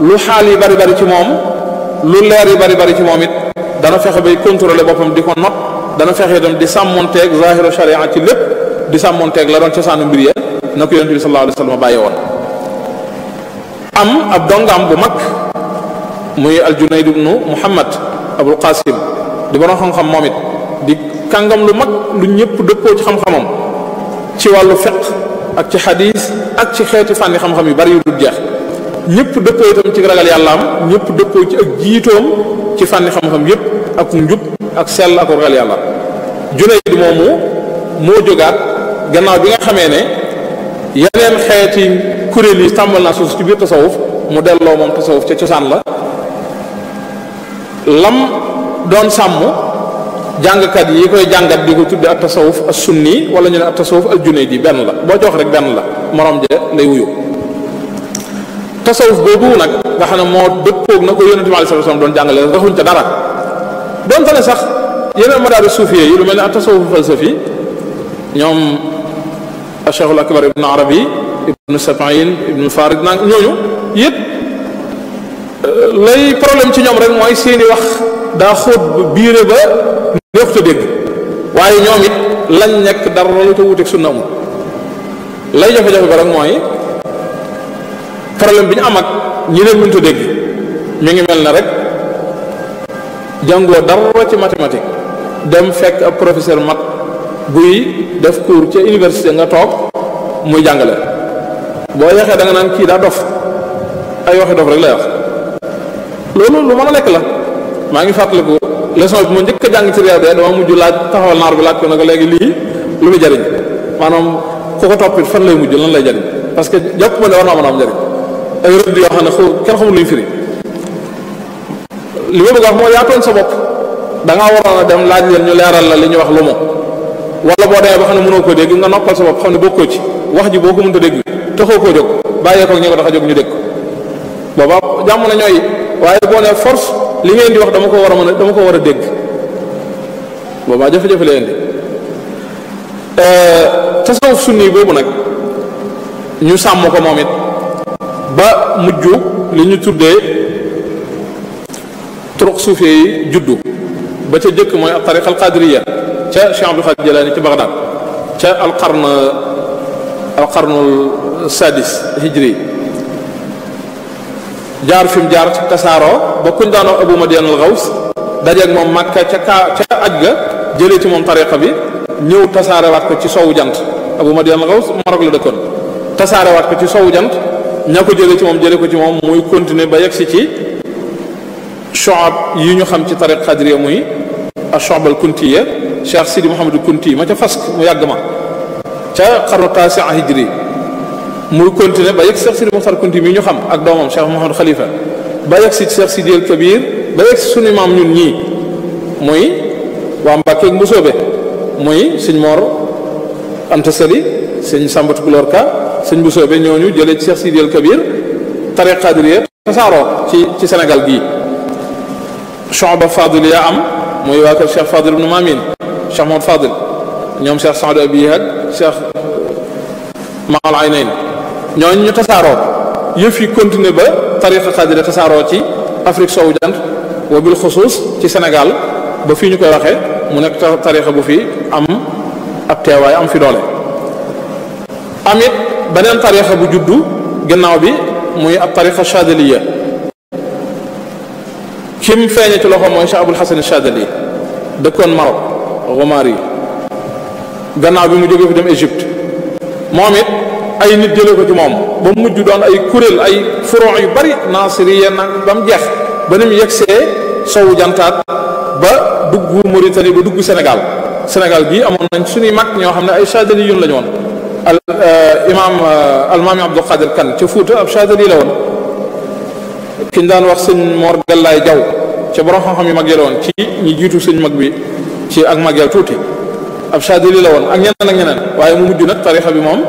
S1: lu xaal yi bari bari ci moom lu leer yi bari bari ci moom it dana fexe bay contrôler boppam di ko not dana fexe itam di sàmmonteeg zahiru sharia ci lépp di sàmmonteeg la doon cosaanu mbir ya na ko yonent bi sallallahu alayhi wa bàyyi woon am ab dongaam bu mag muy aljunayd ibnu muhammad abul qasim di borom xam-xam moom it di kàngam lu mag lu ñëpp dëppoo ci xam-xamam ci wàllu fiq ak ci xadis ak ci xeeti fànni xam-xam yu bari yu dul jeex ñëpp dëppoo itam ci ragal yàllaam ñëpp dëppoo ci ak jiitoom ci fànni xam-xam yëpp ak njub ak sell ak ragal yàlla junayd moomu moo jógaat gannaaw bi nga xamee ne yeneen xeeti kuréel yi tàmbal naa suuf ci biir tasawuf mu delloo moom tasawuf ca cosaan la lam doon sàmm jàngkat yi koy jàngat di ko tudde ak tasawuf as sunni wala ñu ne ak tasawuf al junayd yi benn la boo jox rek benn la morom ja lay wuyu tasawuf boobu nag nga xam ne moo dëppoog na ko yonente bi aleyhi salaatu wa salaam doon jàngale raxuñ ca dara doonte ne sax yeneen madaari suufiyee yi lu mel ne ak tasawuf falsafi ñoom Cheikhul Akbar Ibn Arabi ibnu sabain ibnu farid nang ñooñu yëpp euh, lay problème ci ñoom rek mooy seeni wax daa xóot ba biire ba neex te dégg waaye ñoom it lañ nekk dara lu te wuteeg sunna amul lay jafe-jafe ba rek mooy problème bi ñu am ak ñi leen mënta dégg mi ngi mel ne rek jàngoo dara ci mathématique dem fekk ab professeur mat buy def cours ca université nga toog muy jàngale boo yeexee da naan kii daa dof ay waxi dof rek lay wax loolu lu mën a lekk la maa ngi fàttaliku leçon bi ma njëkk a jàng ci réew bi dama mujj laaj taxawal naar bi laaj ko ne ko léegi lii lu muy maanaam ku ko fan lay mujj lan lay jariñ parce que jàpp ma ne war naa mën a am njariñ ay rëdd yoo xam ne xaw kenn xamul luy firi li ma bëgg a wax mooy yaatoon sa bopp da ngaa waroon a dem laaj leen ñu leeral la li ñuy wax lu mu wala boo demee ba xam ne mënoo ko dégg nga noppal sa bopp xam ne bokkoo ci wax ji boo ko mënta dégg taxoo koo jóg bàyyee ko ñi ko jóg ñu dégg ko booba jàmm na ñooy waaye boo force li ngeen di wax dama ko war a mën a dama ko war a dégg boobaa jafe-jafe leen di euh, tasawuf sunni boobu nag ñu sàmm ko moom it ba mujj li ñu tuddee turuq suufee yi juddu ba ca jëkk mooy ab tariqa al qadiriya ca Cheikh Abdul Xaadir ca Baghdad ca al qarn alqarnul sadis hijri jaar fi mu jaar tasaaroo ba kuñ daanoo abu madiyan al gaws dajeeg moom màkka ca kaa ca aj ga jëlee ci moom tariqa bi ñëw tasaarewaat ko ci sow jant abu madiyan al gaws Marok la dëkkoon tasaarewaat ci sowu jant ña ko jëlee ci moom jëlee ko ci moom muy continuer ba yegsi ci shoab yi ñu xam ci tariq xadriya muy ashoab al kuntiya cheikh sidi mohamadou kunti ma ca fask mu yàgg ma ca xarnu taasi hijri muy continué ba yegg si Cheikh Sidi Moxtar Kunti mi ñu xam ak doomam Cheikh Mouhamadou Khalifa ba yegg si Cheikh Sidi El Kabir ba yegg si maam ñun ñi muy waa Mbàkke ak Mbusoobe muy sëñ Mor Anta Sali sëñ Sàmbatu Kuloor Ka sëñ Mbusoobe ñooñu jëlee ci Cheikh Sidi El Kabir tariqa Qadiriyya tasaaroo ci ci Sénégal gii Chouba Fadil yaa am muy waa kër Cheikh Fadil ibnu Mamin Cheikh Mouhamadou Fadil ñoom Cheikh Saadou Abi Hak Cheikh Maal Aynayn ñooñu ñu tasaaroo yëf yi continuer ba tariqa xaadira tasaaroo ci Afrique sowu jant wa bil xusuus ci Sénégal ba fii ñu koy waxee mu nekk tariqa bu fi am ab teewaay am fi doole am beneen tariqa bu juddu gannaaw bi muy ab tariqa chadiliya kim feeñe ci loxo mooy Cheikh Abul Hasan Chadili dëkkoon Maroc Romaari gannaaw bi mu jógee fi dem Égypte moom it ay nit jëlee ko ci moom ba mu mujj doon ay kuréel ay furon yu bari naasiriya nag ba mu jeex ba ni mu yegsee sowu jantaat ba dugg Mauritanie ba dugg Sénégal Sénégal gii amoon nañ suñuy mag ñoo xam ne ay chadali yun la ñu woon al euh, imaam euh, almaami Abdul Qadir Kan ca Fuuta ab chadali la woon kiñ daan wax sëñ Mor Gallaay Jaw ca borom xam-xam yu mag yi la woon ci ñu jiitu sëñ mag bi ci ak mag tuuti ab Chadili la woon ak ñeneen ak ñeneen waaye mu mujj nag tarixa bi moom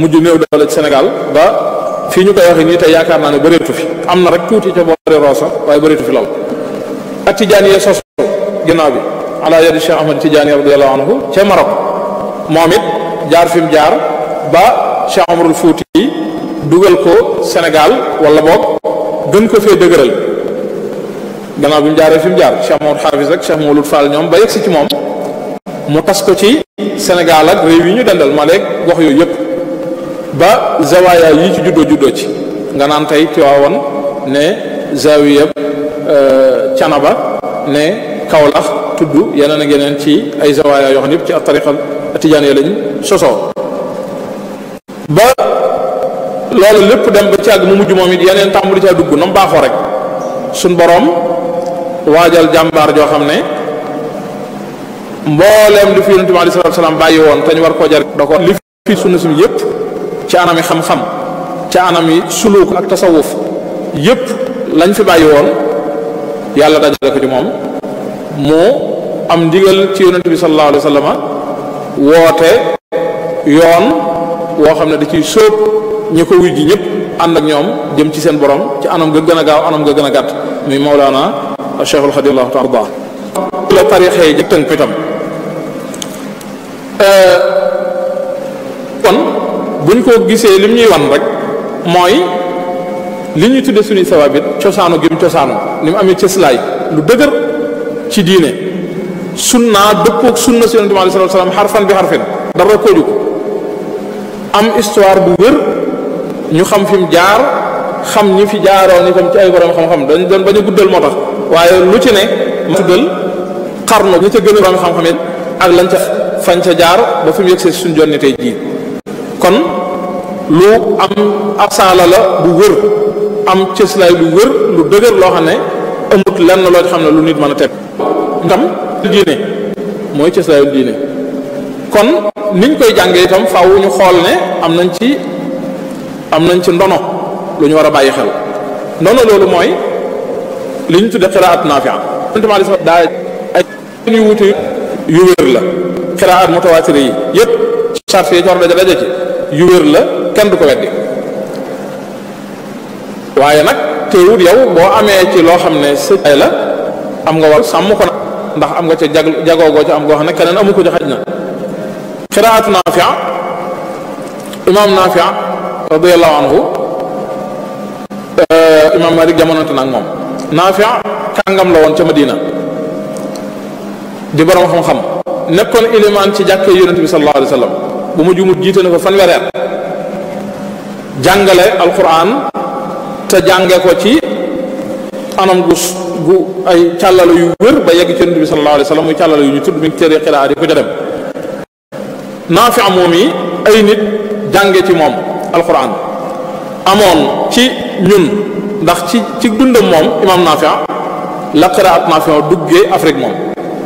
S1: mujj néew doole ci Sénégal ba fii ñu koy waxee nii tey yaakaar naa ne bëreetu fi am na rek tuuti ca boori Rosso waaye bëreetu fi lool. ak Tijaani ya sos ginnaaw bi ala yadi Cheikh Ahmad Tijaani radiyallahu anhu ca Maroc moom it jaar fi mu jaar ba Cheikh Amarul Fouti dugal ko Sénégal wala boog gën ko fee dëgëral gannaaw bi mu jaaree fi mu jaar Cheikh Maodo Xaafis ak Cheikh Mawlud Fall moom. mu tas ko ci Sénégal ak réew yi ñu dendal Maleek gox yooyu yëpp ba zawaaya yi ci juddoo juddoo ci nga naan tey Tiwaawan ne zawiya euh, Canaba ne Kawlax tudd yeneen ak yeneen ci ay zawaaya yoo xam yëpp ci ab tariqa tijaaniya lañ sosoo ba loolu lépp dem ba ci àgg mu mujj moom it yeneen tàmbali caa dugg na baaxoo rek suñ boroom waajal jàmbaar joo xam ne mbooleem li fi yonent bi aleyhi salaatu bàyyi woon te ñu war koo jar da ko li fi sunna si yëpp ci anam yi xam-xam ci anam yi suluuk ak tasawuf yëpp lañ fi bàyyi woon yàlla dajale ko ci moom moo am ndigal ci yonent bi sallallahu alayhi woote yoon woo xam ne da ci sóob ñi ko wuj ji ñëpp ànd ak ñoom jëm ci seen borom ci anam nga gën a gaaw anam nga gën a gàtt muy Mawlaana Cheikhul Xadim la tarixe yi tënk itam Euh, bu ñu ko gisee lim ñuy wan rek mooy li ñuy tudde suñuy sawaabit cosaanu gi mu cosaanu ni mu amee cëslaay lu dëgër ci diine sunna dëppook sunna si yonent bi aleyhi salaatu salaam xarfan bi xarfin dara kooju am histoire bu wër ñu xam fi mu jaar xam ñi fi jaaroon itam ci ay borom xam-xam dañ doon ba a guddal moo tax waaye lu ci ne ma tuddal xarnu ñi ca gën a borom xam-xam ak lañ ca fañ ca jaar ba fi mu yëgsee suñ jonni tey jii kon lu am asaala la bu wër am cëslaay lu wër lu dëgër loo xam ne amut lenn loo xam ne lu nit mën a teg ndam diine mooy cëslaayu diine kon niñ koy jàngee itam faaw ñu xool ne am nañ ci am nañ ci ndono lu ñu war a bàyyi xel ndono loolu mooy li ñu tudde xiraat naafia daa ay ñu wuti yu wér la xiraat mutawaatir yi yëpp charte yi ñu war a daje ci yu wér la kenn du ko weddi waaye nag teewut yow boo amee ci loo xam ne sa ay la am nga war sàmm ko ndax am nga ca jag jagoo goo ca am goo xam ne keneen amu ko ci xaj na xiraat naafia imaam naafia radiallahu anhu euh, imaam malik jamonante nag moom naafia kàngam la woon ca madina di borom xam-xam nekkoon ilimaan ci jàkkee yonent bi sallallahu alayhi wa sallam bu mu jumut jiite na ko fanweer jàngale alquran te jànge ko ci anam gu gu ay càllala yu wër ba yegg ci yonent bi sallallahu wa sallam muy càllala yu ñu tudd mi ngi téere xiraat yi ko ca dem naafi moom yi ay nit jànge ci moom alquran amoon ci ñun ndax ci ci dundam moom imaam naafi la qiraat naafi duggee Afrique moom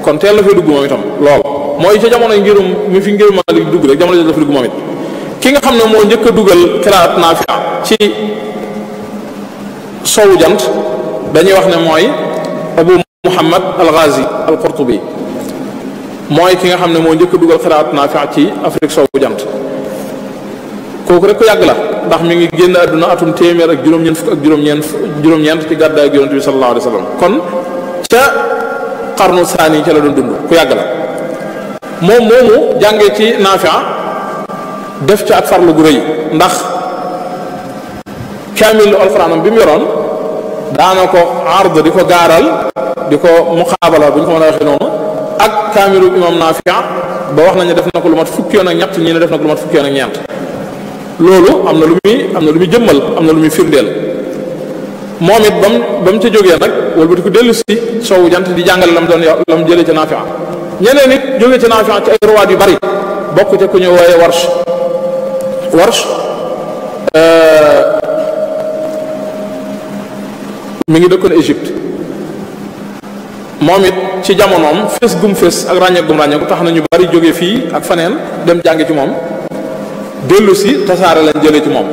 S1: kon teel na fee dugg moom itam lool mooy ca jamono ngirum mi fi ngirum Maalik dugg rek jamono jooju dafa dugg moom ki nga xam ne moo njëkk a dugal xiraat Naafi' ci dañuy wax ne mooy Abu Muhammad al-Ghazi al ki nga xam ne moo njëkk a dugal xiraat Naafi' ci Afrique sowu jant kooku rek ku yàgg la ndax mi ngi génn àdduna atum téeméer ak juróom-ñeent fukk ak juróom-ñeent juróom-ñeent ci gàddaay ak yonent bi sallallahu alayhi wa sallam kon ca xarnu saani ca la doon dund ku yàgg la moom moomu jàngee ci Naafi' def ci ak farlu gu rëy ndax kaamilu alxuraanam bi mu yoroon daana ko ard di ko gaaral di ko muxaabala bu ñu ko mën a waxee noonu ak kaamilu imam Naafi' ba wax nañu def na ko lu mat fukki yoon ñett ñii ne def na ko lu mat fukki yoon ñeent loolu am na lu muy am na lu muy jëmmal am na lu muy firndeel moom it ba mu ba mu ca jógee nag wala ba di ko dellu si soowu jant di jàngale lam doon la mu jëlee ca Naafi' ñeneen it jóge ci naafi ci ay ruwaat yu bari bokk ca ku ñu wooye warsh warsh euh, mu ngi dëkkoon Égypte moom it ci jamonoom fés gum fés ak ràññeek gum ràññeeku tax nañu ñu bari jóge fii ak faneen dem jàngi ci moom dellu si tasaare lañ jële ci moom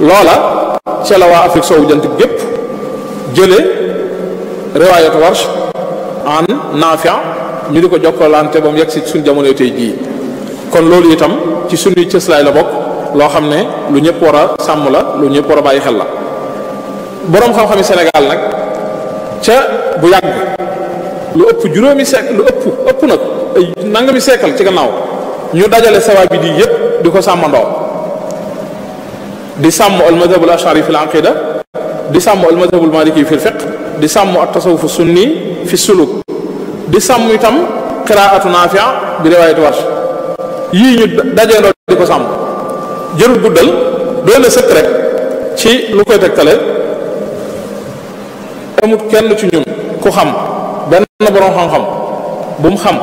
S1: loola ca la waa Afrique soowu jant gépp jële riwaayatu warsh an naafi ñu di ko jokkalante ba mu yegg si suñ jamono tey jii kon loolu itam ci suñuy cëslaay la bokk loo xam ne lu ñëpp war a sàmm la lu ñëpp war a bàyyi xel la boroom xam-xami Sénégal nag ca bu yàgg lu ëpp juróomi sek lu ëpp ëpp nag ay nangami seekal ci gannaaw ñu dajale sawaab bi di yëpp di ko sàmmandoo di sàmm al madhabul ashari fil aqida di sàmm al madhabul maliki fil di sàmm at tasawuf sunni fi suluk di sàmm itam xiraatu naafia bi riwaayati warsh yii ñu dajeendoo di ko sàmm jërul guddal doy na sëkk rek ci lu koy tegtale amut kenn ci ñun ku xam benn borom xam-xam bu mu xam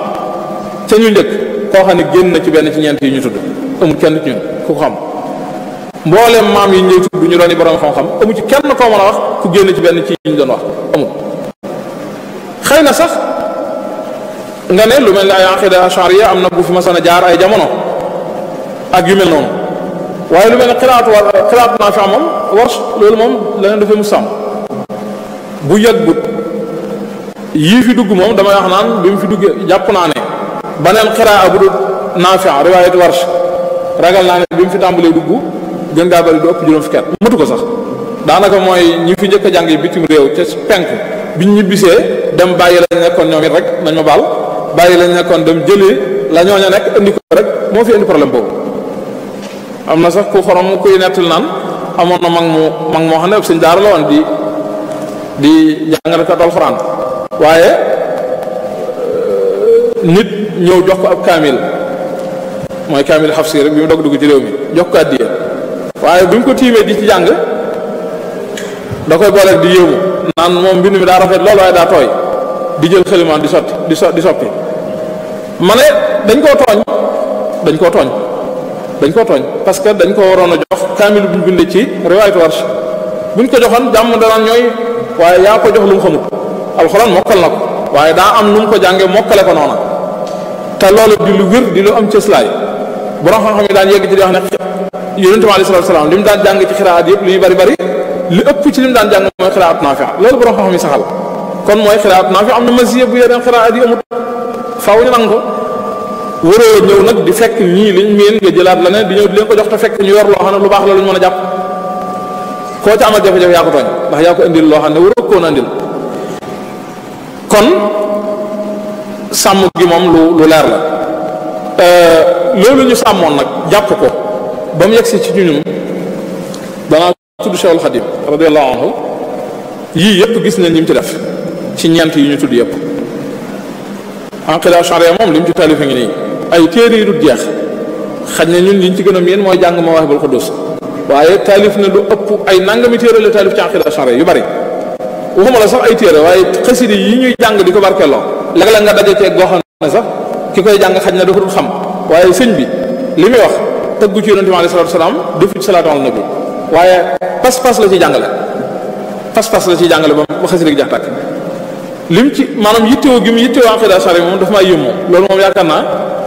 S1: ca ñu njëkk koo xam ne génn na ci benn ci ñeent yi ñu tudd amut kenn ci ñun ku xam mbooleem maam yi ñuy tudd ñu doon yi borom xam-xam amu ci kenn koo mën a wax ku génn ci benn ci ñu doon wax amut xëy na sax nga ne lu mel ne ay aqida ashariya am na bu fi masana jaar ay jamono ak yu mel noonu waaye lu mel ni xiraatu war xiraatu naa fi amoon loolu moom leneen dafay mu sàmm bu yàggut yii fi dugg moom damay wax naan bi mu fi duggee jàpp naa ne baneen xiraa bu dul naafia riwaayat warsh ragal naa ne bi mu fi tàmbalee dugg jën ngaa bëri du ëpp juróom fukki matu ko sax daanaka mooy ñi fi njëkk jàng jàng bitim réew ca penk ñu ñibbisee dem bàyyi lañ nekkoon ñoom it rek bàyyi lañ nekkoon dem jëlee la ñooña nekk indi ko rek moo fi indi problème boobu am na sax ku xorom kuy nettal naan amoon na mag mu mag moo xam ne ab sëñ daara la waaye euh, nit ñëw jox ko ab kaamil mooy kaamil si rek bi mu dog dugg ci réew mi jox ko àddiya waaye bi mu ko tiimee di ci jàng da koy booleeg di yéemu naan moom mbind mi daa rafet loolu waaye daa tooy di jël xelimaan di sotti di so di soppi ma ne dañ koo tooñ dañ koo tooñ dañ koo parce que dañ ko waroon a jox kaamil buñ bindee ci riwaayatu Warsh buñ ko joxoon jàmm danaan ñooy waaye yaa ko jox lu xamut alxuraan mokkal na ko waaye daa am nu ko jàngee mokkale ko noona te loolu di lu wér di lu am cëslaay borom xam-xam yi daan yegg ci di wax ne yonente bi aleyhi salaatu salaam loolu borom xam-xam yi saxal kon mooy xiraat naafi am na masiya bu yeneen xiraat yi amut faaw ñu nangu waroo ñëw nag di fekk ñii liñ miin nga jëlaat la ne di ñëw leen ko jox te fekk ñu yor loo xam ne lu baax la luñ mën a jàpp koo ca amal jafe-jafe yaa ko tooñ ndax yaa ko indil loo xam ne waroo koon indil kon sàmm gi moom lu leer la euh, loolu ñu sàmmoon nag jàpp ko ba mu si ci ñun danaa tudd Cheikhul Khadim radiyallahu anhu yii yëpp gis nañ li ci def ci ñeent yi ñu tudd yëpp. en tout cas moom li mu ci taalif ngi nii ay téere yu dul jeex xañ na ñun liñ ci gën a miin mooy jàng Mawaahibul Quddus waaye taalif na lu ëpp ay nangami téere la taalif ci aqida ashari yu bari waxuma waaye xasida yi ñuy jàng di ko barkeeloo léeg-léeg nga daje ceeg goo xam ne sax ki koy jàng xaj na dafa dul xam waaye sëñ bi li muy wax tëggu ci yonente bi alei salatu salaam defu ci salaatu ala nabi waaye pas-pas la ci jàngale pas-pas la ci jàngale ba xasida gi jax tàkk lim ci maanaam yittewoo gi mu yittewoo aqida sari moom dafa maa yëmmoo loolu moom yaakaar naa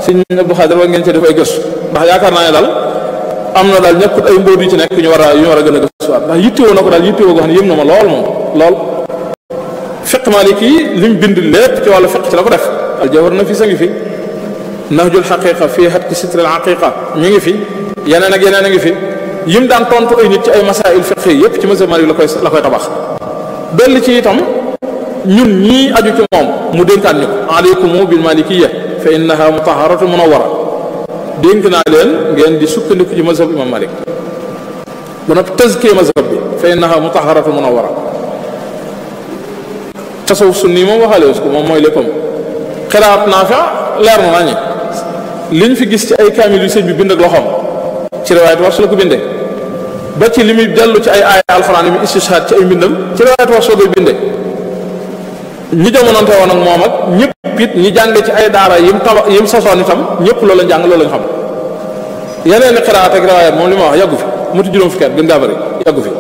S1: sëñ Abdou Xaadir war ngeen ci def ay gëstu ndax yaakaar naa ne daal am na daal ñëpp ay mbóot yu ci nekk yu ñu war a yu ñu war a gën a gëstuwaat ndax yittewoo na ko daal yittewoo goo xam ne yëm na ma lool moom lool fiq maliki lim bind lépp ci wàllu fiq ci la ko def aljawar na fi sa ngi fi nahjul xaqiqa fii xat ki sitril xaqiqa mi ngi fi yeneen ak yeneen a ngi fi yim daan tontu ay nit ci ay masail fiq yépp ci mazhab maliki la koy la koy ñun ñii aju ci moom mu dénkaan ñu ko aleykum bil malikiya fa innaha mutaharatu munawara dénk naa leen ngeen di sukkandiku ci mazhab imam malik ba noppi tazkiya mazhab bi fa innaha mutaharatu munawara tasawuf sunni moom waxaale ko moom mooy léppam xiraat naafi leer na nañu liñ fi gis ci ay kaamil yu sëñ bi bind ak loxoom ci riwaayat wax su la ko bindee ba ci li muy dellu ci ay aaya alxuraan yi mu istishhaad ci ay mbindam ci riwaayat wax ñi jamonante woon ak moom ak ñëpp it ñi jàng ci ay daara yim taba yim sosoon itam ñëpp loolu lañ jàng loolu lañ xam yeneen i xiraat ak riwaayaat moom li ma wax yàggu fi muti juróom fukki at gën gaa bëri fi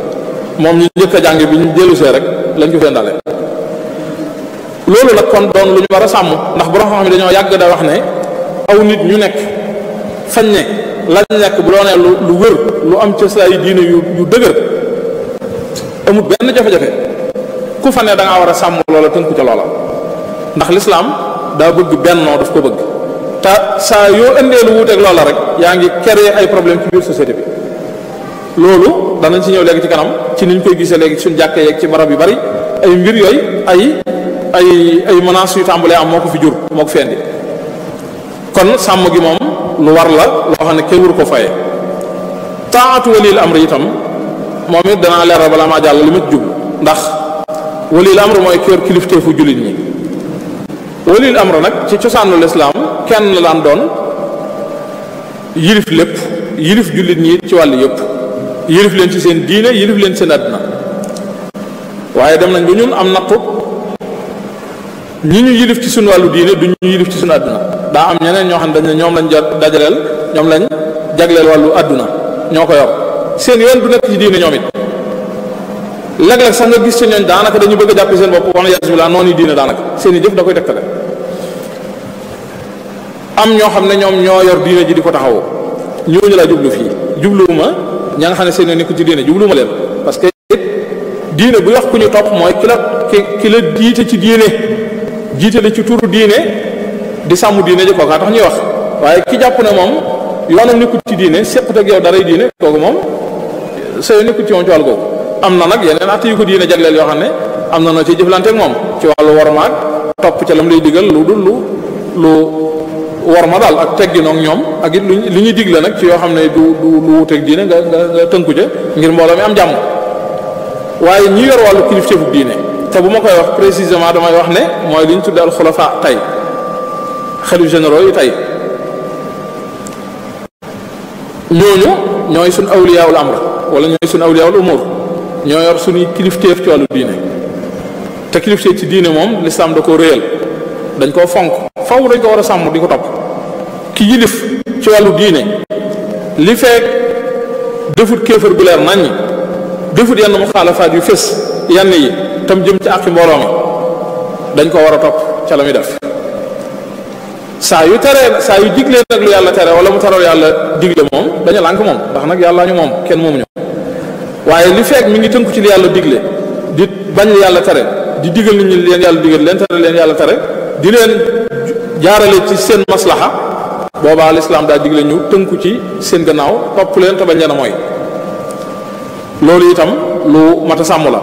S1: moom ñu njëkk a jàng bi ñu dellusee rek lañ ko fee ndaale loolu nag kon doon lu ñu war a sàmm ndax borom xam-xam dañoo yàgg da wax ne aw nit ñu nekk fañ ne lañ nekk bu doonee lu wër lu am cëslaayu diine yu yu dëgër amut benn jafe-jafe ku fa ne da war a sàmm loola tënku ca loola ndax lislaam daa bëgg bennoo daf ko bëgg te saa yoo indee lu wuuteeg loola rek yaa ngi créer ay problème ci biir société bi loolu danañ ci ñëw léegi ci kanam ci niñ koy gisee léegi suñ jàkkee yeeg ci barab yu bari ay mbir yooy ay ay ay menaces yu tàmbalee am moo ko fi jur moo ko fi kon sàmm gi moom lu war la loo xam ne kenn waru ko fayee taatu walil amri itam moom it danaa leeral balaa maa jàll ndax walil amr mooy kër kilifteefu jullit ñi walil amr nag ci cosaanu lislaam kenn la doon yilif lépp yilif jullit ñi ci wàll yëpp yilif leen ci seen diine yilif leen seen àddina waaye dem nañ bi ñun am nattu ñi ñu yilif ci suñu wàllu diine du ñu yilif ci suñu àdduna daa am ñeneen ñoo xam ne dañ ne ñoom lañ dajaleel ñoom lañ jagleel wàllu àdduna ñoo ko yor seen yoon du nekk ci diine ñoom it léeg-léeg sax nga gis ci ñooñ daanaka dañu bëgg a jàpp seen bopp wala yas bilaa noonu diine daanaka seen i jëf da koy tegtale am ñoo xam ne ñoom ñoo yor diine ji di ko taxawoo ñooñu laa jublu fii jubluwuma ña nga xam ne seen nekku ci diine jubluwuma leen parce que diine bu wax ku ñu topp mooy ki la ki la jiite ci diine jiite la ci turu diine di sàmm diine ji kookaa tax ñuy wax waaye ki jàpp ne moom yoonam nekkut ci diine séqut ak yow daray diine kooku moom sa yoon nekkut am na nag yeneen at yu ko diine jagleel yoo xam ne am na noo ciy jëflante moom ci wàllu wormaag topp ca lam lay digal lu dul lu lu worma daal ak tegginoog ñoom ak it lu ñuy digle nag ci yoo xam ne du du lu wuteeg diine nga nga nga tënku ca ngir mbooloo mi am jàmm waaye ñi yor wàllu kilifteefu diine te bu ma koy wax précisément damay wax ne mooy li ñu tuddee al xulafa tey xalif généro yi tey ñooñu ñooy suñ awliyaawul amr wala ñooy suñ awliyaawul umur ñoo yor suñuy kilifteef ci wàllu diine te kilifteef ci diine moom lislaam da koo réyal dañ koo fonk faw dañ ko war a sàmm di ko topp ki yilif ci wàllu diine li feek defut kéefër gu leer naññ defut yenn mu xaalafaat yu fës yenn yi tam jëm ci àqi mbooloo ma dañ ko war a topp ca la muy def saa yu teree saa yu diglee nag lu yàlla tere wala mu teral yàlla digle moom dañu lànk moom ndax nag yàllaa ñu moom kenn moomu ñu waaye li fekk mi ngi tënku ci li yàlla digle di bañ li yàlla tare di digal nit ñi leen yàlla digal leen tare leen yàlla tare di leen jaarale ci seen maslaxa boobaa lislaam daa digle ñu tënku ci seen gannaaw topp leen te bañ leen mooy loolu itam lu mat sàmm la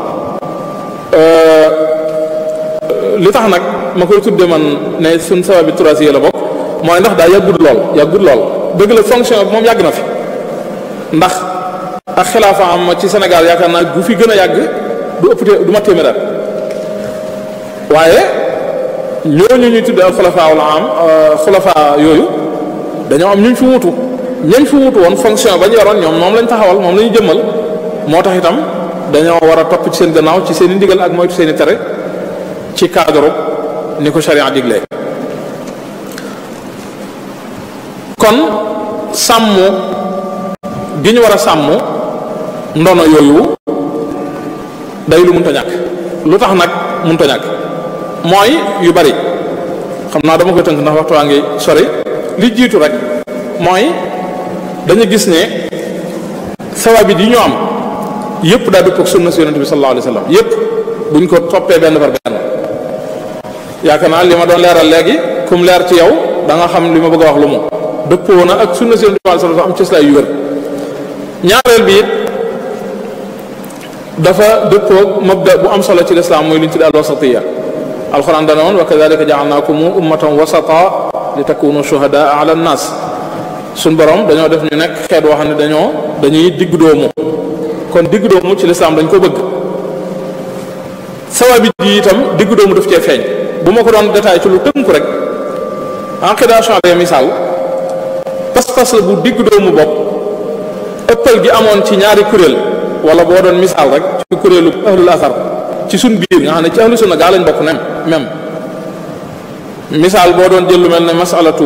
S1: li tax nag ma koy tudde man ne suñ sababi troisième la bokk mooy ndax daa yàggut lool yàggut lool dëgg la fonction moom yàgg na fi ndax ak xilaafa am ci Sénégal yaakaar naa gu fi gën a yàgg du ëpp du ma téeméer waaye ñooñu ñuy tuddee ak xulafaa wala am euh, xulafaa yooyu dañoo am ñu fi wutu ñañ fi wutu woon fonction ba ñu yoroon ñoom moom lañ taxawal moom lañu jëmmal moo tax itam dañoo war a topp ci seen gannaaw ci seen i ndigal ak mooy seen i tere ci cadre ni ko charia digle kon sàmm gi ñu war a sàmm ndono yooyu day lu mënta ñàkk lu tax nag mënta ñàkk mooy yu bari xam naa dama koy tënk ndax waxtu waa ngi sori li jiitu rek mooy dañu gis ne sawaabit yi ñu am yëpp daa dëpp ak sunna si yonente bi sallallahu alayhi wa sallam yëpp buñ ko toppee benn par benn yaakaar naa li ma doon leeral léegi kum leer ci yow da nga xam li ma bëgg a wax lu mu dëppoo na ak sunna si yonente bi sallallahu alayhi wa sallam am ci yu wér ñaareel bi it dafa dëppoo mabda bu am solo ci lislaam mooy li ñu tuddee al wasatiya alquran dana woon wa kadalika jaalnaakum ummatan wasata li takunu shuhadaa ala nas suñ borom dañoo def ñu nekk xeet woo xam ne dañoo dañuy diggu doomu kon digg doomu ci lislaam dañ ko bëgg sawabi ji itam diggu doomu daf cee feeñ bu ma ko doon détaillé ci lu tënku rek en qidaa misaal pas-pas la bu digg doomu bopp ëppal gi amoon ci ñaari kuréel wala boo doon misaal rek ci kuréelu ahlul asar ci sun biir nga xam ne ci ahlu sunna gaa lañ bokk nem même misaal boo doon jël lu mel ne masalatu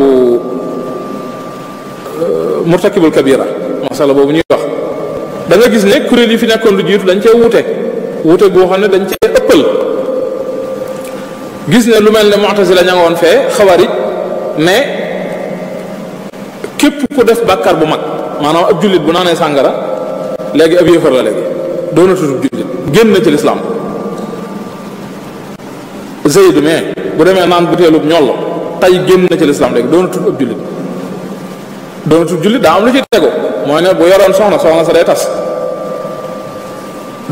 S1: euh, murtakibul kabira masala boobu ñuy wax danga gis ne kuréel yi fi nekkoon lu jiitu dañ cee wute wuute boo xam ne dañ ci ëppal gis ne lu mel ne mu'tazila ña nga woon fee xawarij ne képp ku def bàkkaar bu mag maanaam ab jullit bu naanee sàngara léegi ab yéefar la léegi doona tutub jullit génn na ci lislaam Zayd mais bu demee naan butéelub ñoll tay génn na ci lislaam léegi doona tutub ab jullit doona tutub jullit daa am lu ci tegu mooy ne bu yoroon soxna soxna sa day tas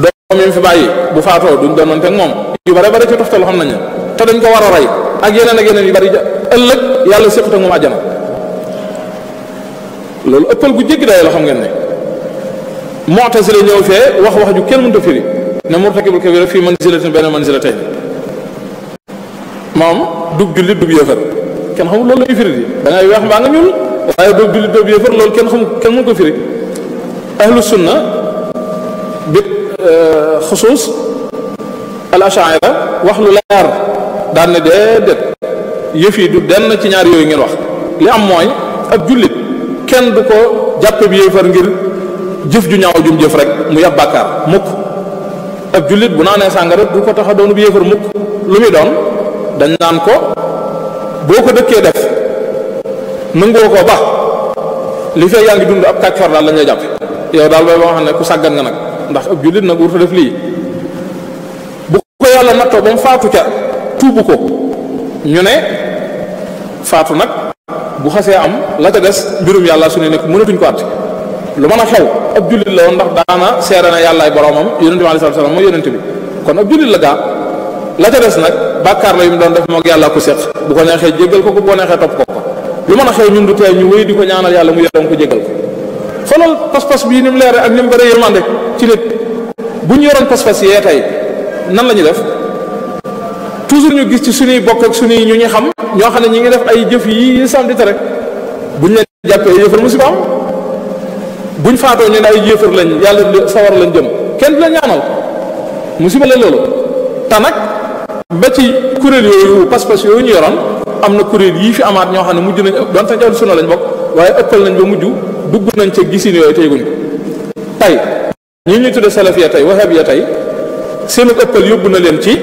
S1: doom yi mu fi bàyyi bu faatoo duñ doon mante moom yu bare bare ci toftalu xam nañ ne te dañ ko war a rey ak yeneen ak yeneen yu bari ëllëg yàlla séqut ak moom àjjana loolu ëppal bu jéggi daay la xam ngeen ne mu'tazila ñëw fee wax wax ju kenn mënta firi ne murtakibul kabira fii manzilatin benn manzilatayn moom dug jullit dug yëfër kenn xamul loolu la ñuy firi di da ngay weex mbaa nga ñuul waaye dug jullit dug yëfër loolu kenn xamul kenn mën firi ahlu sunna bi euh, xusuus al ashaira wax lu leer daan ne déedéet yëf du denn ci ñaar yooyu ngeen wax li am mooy ab jullit kenn du ko jàppe bi yéefar ngir jëf ju ñaaw jum jëf rek mu yab bàkkaar mukk ab jullit bu naanee sàngara du ko tax a doon bu yéefar mukk lu muy doon dañ naan ko boo ko dëkkee def nangoo ko ba li fee yaa ngi dund ab kàccoor daal lañuy jàppe yow daal booy boo xam ne ku sàggan nga nag ndax ab jullit nag wurta def lii bu ko yàlla nattoo ba faatu ca tuubu ko ñu ne faatu nag bu xasee am la ca des mbirum yàlla su ne nekk mënatuñ ko àtte lu mën a xew ab jullit la woon ndax daana seere na yàllaay boromam yonente bi alei salatu salaam mooy yonente bi kon ab jullit la gaa la ca des nag bàkkaar la yu mu doon def moog yàlla ko séq bu ko neexee jéggal ko ko boo ko neexee topp ko ko lu mën a xew ñun du tey ñu wéy di ko ñaanal yàlla mu yoroon ko jéggal ko xoolal pas-pas bii ni mu leere ak ni mu bëree yërmande ci nit bu ñu yoroon pas-pas yee tey nan la ñu def toujours ñu gis ci suñuy bokk ak suñuy ñu ñu xam ñoo xam ne ñu ngi def ay jëf yi islam di tere buñ leen jàppee yéefar musiba am buñ faatoo ñu ne ay lañ yàlla sawar lañ jëm kenn du la ñaanal musiba la loolu te nag ba kuréel yooyu pas-pas yooyu ñu yoroon am na kuréel yii fi amaat ñoo xam ne mujj nañ doon sax ahlu sunna lañ bokk waaye ëppal nañ ba mujj dugg nañ ca gisin yooyu tey guñ tay tey ñi ñuy tudde salafiya tey wahabiya tey seen ëppal yóbbu na leen ci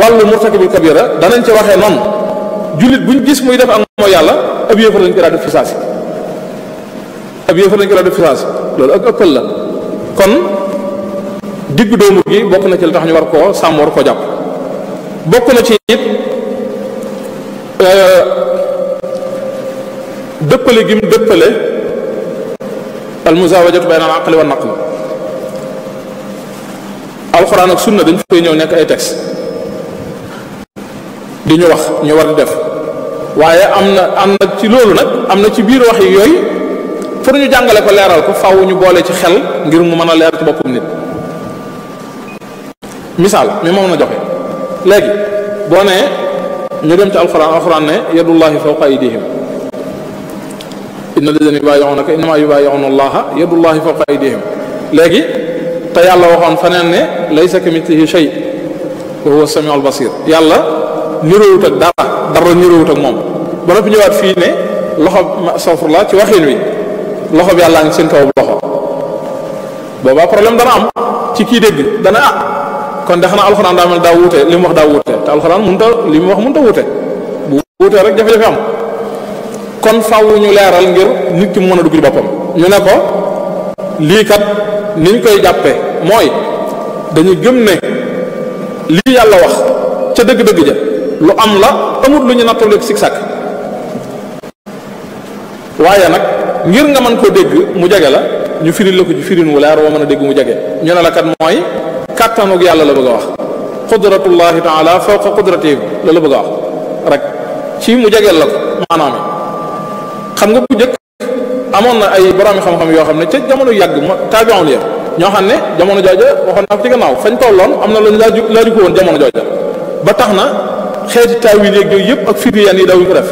S1: wàllu murtakibul kabira danañ ci waxee noonu jullit buñ gis muy def ak mooy yàlla ab yéefar lañ ko daa def fisaasi ab yéefar lañ ko daa def fisaasi loolu ak ëppal la kon diggu doomu gi bokk na ci li tax ñu war koo sàmm war koo jàpp bokk na ci it euh, dëppale gi mu dëppale al muzaawajatu bayna al aqli wa naql alxuraan ak sunna dañ fay ñëw nekk ay texte di ñu wax ñu war di def waaye am na am na ci loolu nag am na ci biir wax yi yooyu pour ñu jàngale ko leeral ko faw ñu boole ci xel ngir mu mën a leer ci boppam nit misaal mi moom na joxe léegi boo nee ñu dem ci alxuraan alxuraan ne yadullahi fawqa aydihim inna alladina yubayi'unaka innama yubayi'una allaha yadullahi fawqa aydihim léegi te yàlla waxoon faneen ne laysa kamithlihi shay wa huwa samiul basir yàlla niroowut ak dara dara niroowut ak moom ba noppi ñëwaat fii ne loxo safrulaa ci waxin wi loxo bi yàllaa ngi seen kaw loxo boobaa problème dana am ci kii dégg dana ah kon de xanaa alxuraan daa mel daa wute li mu wax daa wuute te mun mënta li mu wax mënta wuute bu wuutee rek jafe-jafe am kon faaw ñu leeral ngir nit ki mu mën a dugg ci boppam ñu ne ko lii kat niñ koy jàppe mooy dañuy gëm ne lii yàlla wax ca dëgg-dëgg ja lu am la amut lu ñu nattaleeg sik sàkk waaye nag ngir nga man koo dégg mu jege la ñu firil la ko ci firin wu leer woo mën a dégg mu jege ñu ne la kat mooy kàttanug yàlla la bëgg a wax qudratullahi taala fawqa qudratihim la la bëgg a wax rek ci mu jegeel la ko maanaam xam nga bu njëkk amoon na ay boroomi xam-xam yoo xam ne ca jamono yàgg ma taabi'un ya ñoo xam ne jamono jooja waxoon naa ko ci gannaaw fañ tolloon am na lañ laaju laaju ko woon jamono xeeti taawil yeeg yëpp ak firiyaan yi dawuñ ko def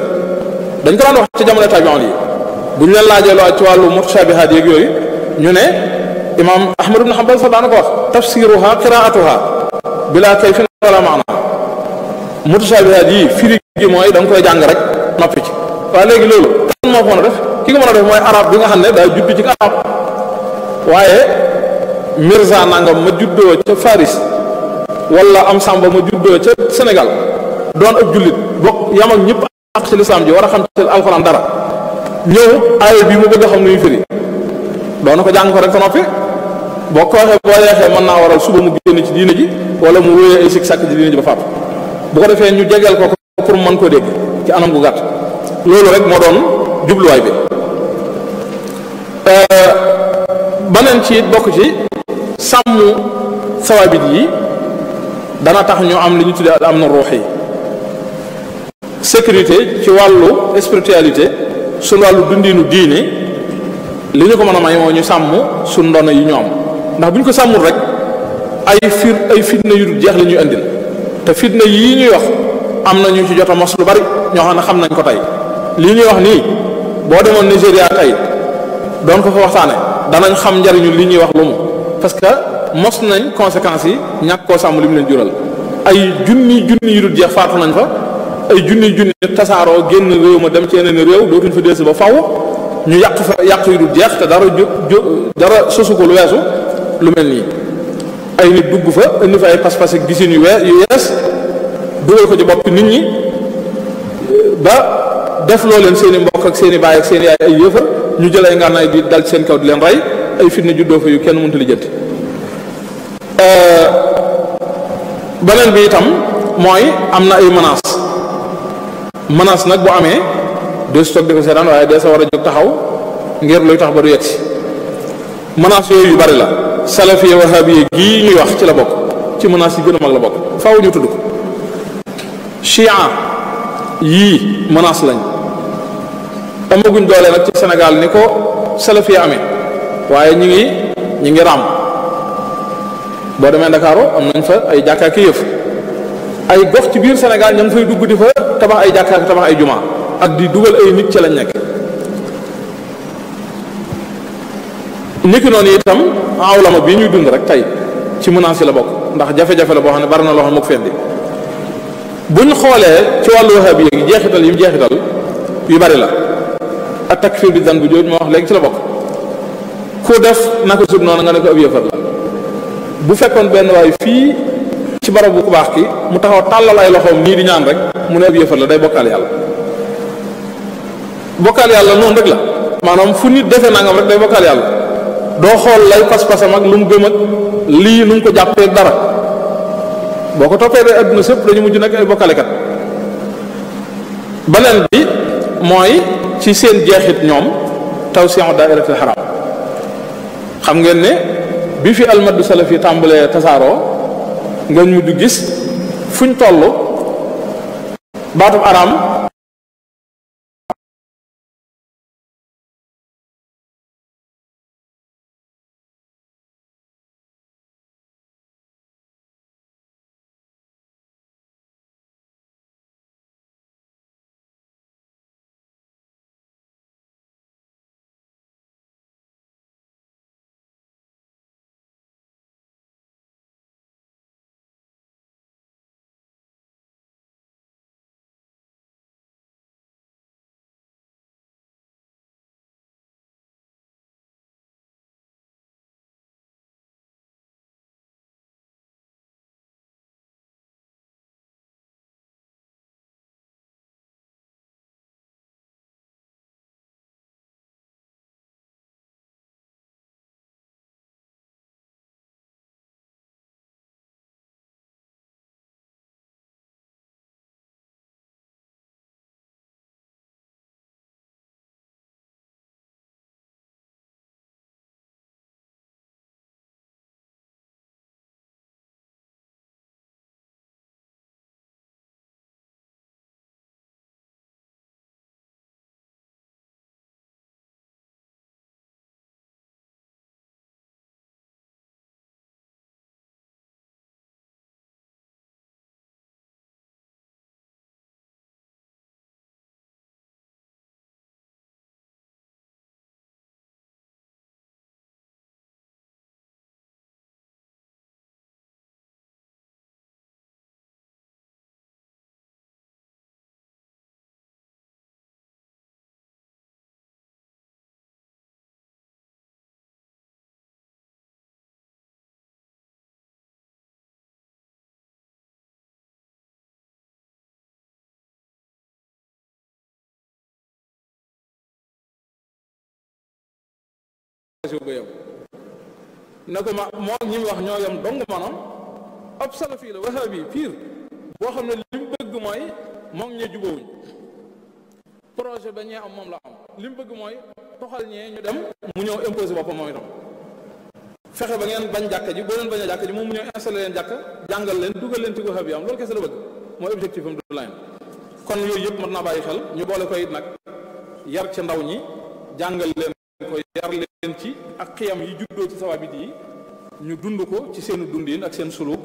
S1: dañ ko daan wax ci jamono taabi'in yi bu ñu leen laajee loo ci wàllu mutashabihaat yeeg yooyu ñu ne imaam Ahmad ibn Hanbal sax daana ko wax tafsiruha bilaa bila kayfin wala maana mutashabihaat yi firi gi mooy da koy jàng rek noppi ci waaye léegi loolu kan moo ko mën a def ki ko mën a def mooy arab bi nga xam ne daa judd ci arab waaye Mirza nangam ma juddoo ca Faris wala am samba ma juddoo ca Sénégal doon ak jullit bokk yam ak ñëpp ak ci lislaam ji war a xam ci alxuraan dara ñëw aaya bi mu bëgg a xam nuy firi doona ko jàng ko rek fa noppi boo ko mën naa waral suba mu génn ci diine ji wala mu wóoyee ay sik sàkk ci diine ji ba defee ñu jegeel ko ko pour mën koo dégg ci anam gu gàtt loolu rek moo doon jubluwaay bi euh, baneen ci bokk ci sàmm sawaabit yi dana tax ñu am li ñu tuddee am na ruux yi sécurité ci wàllu spiritualité suñu wàllu dundinu diine li ñu ko mën a may moo ñu sàmm suñu ndono yi ñu am ndax bu ñu ko sàmmul rek ay fir ay fitna yu dul jeex la ñuy andil te fitna yii ñuy wax am na ñu ci jot a mos lu bari ñoo xam ne xam nañ ko tey lii ñuy wax nii boo demoon Nigéria tey doon ko fa waxtaane danañ xam njariñu li ñuy wax lu mu parce que mos nañ conséquences yi ñàkk koo sàmm li mu leen jural ay junni junni yu dul jeex faatu nañ fa ay junni junni tasaaroo génn réew ma dem ci yeneen réew dootuñ fa dellusi ba faw ñu yàq fa yàq yu du jeex te dara ju dara sosu ko lu weesu lu mel nii ay nit dugg fa indi fa ay pas-pas ak gisin yu wee yu yees dugal ko ci bopp nit ñi ba def loo leen seen i mbokk ak seen i baay ak seen yaay ay yëfar ñu jël ay ngànnaay di dal ci seen kaw di leen rey ay fitna juddoo fa yu kenn mënta lijjanti euh, beneen bi itam mooy am na ay menaces menace nag bu amee doo si toog di ko seetaan waaye dee sa war a jóg taxaw ngir luy tax ba du yegg si menace yooyu yu bari la salafiya wahabiya gii ñuy wax ci la bokk ci menace yi gën a la bokk faaw ñu tudd ko chia yii menace lañ amaguñ doole nag ci Sénégal ni ko salafiya amee waaye ñi ngi ñi ngi ràmm boo demee Ndakaaru am nañ fa ay jàkkaa ki yëf ay gox ci biir Sénégal ña ngi fay dugg di fa tabax ay jàkka ak tabax ay juma ak di dugal ay nit ci lañ nekk. niki noonu itam awlama bii ñuy dund rek tey ci menace yi la bokk ndax jafe-jafe la boo xam ne bari na loo xam ne moo ko fendi buñ xoolee ci wàllu waxaab yi jeexital yi jeexital yu bari la ak takfir bi dan bu jooju ma wax léegi ci la bokk ku def naka sub noonu nga ne ko ab yëfar la bu fekkoon benn waay fii. ci barab bu ku baax ki mu taxaw tàllal ay loxoom nii di ñaan rek mu ne yëfat la day bokkaal yàlla bokkaal yàlla noonu rek la maanaam fu nit defee nangam rek day bokkaal yàlla doo xool lay pas-pasam ak lu mu gëm ak lii nu mu ko jàppee dara boo ko toppee day adduna sëpp dañu mujj nekk ay bokkalekat beneen bi mooy ci seen jeexit ñoom taw tawsi'u daa'iratul haram xam ngeen ne bi fi almadu salafi tàmbalee tasaaroo nga ñu du gis fuñ toll baatum araam ba yow ne ko ma moo ñi wax ñoo yam dong maanaam ab fii la wahabi piir boo xam ne li mu bëgg mooy moom ñee jubóowuñ projet ba ñee am moom la am li mu bëgg mooy toxal ñee ñu dem mu ñëw imposé boppam mooy itam fexe ba ngeen bañ jàkka ji boo leen bañ a jàkka ji moom mu ñëw installé leen jàkka jàngal leen dugal leen ci wahabi am loolu kese la bëgg mooy objectif am du layn kon yooyu yëpp mën naa bàyyi xel ñu boole ko nag yar ci ndaw ñi jàngal leen ko yar leen ci ak xiyam yi juddoo ci sawaabit yi ñu dund ko ci seenu dundin ak seen suluk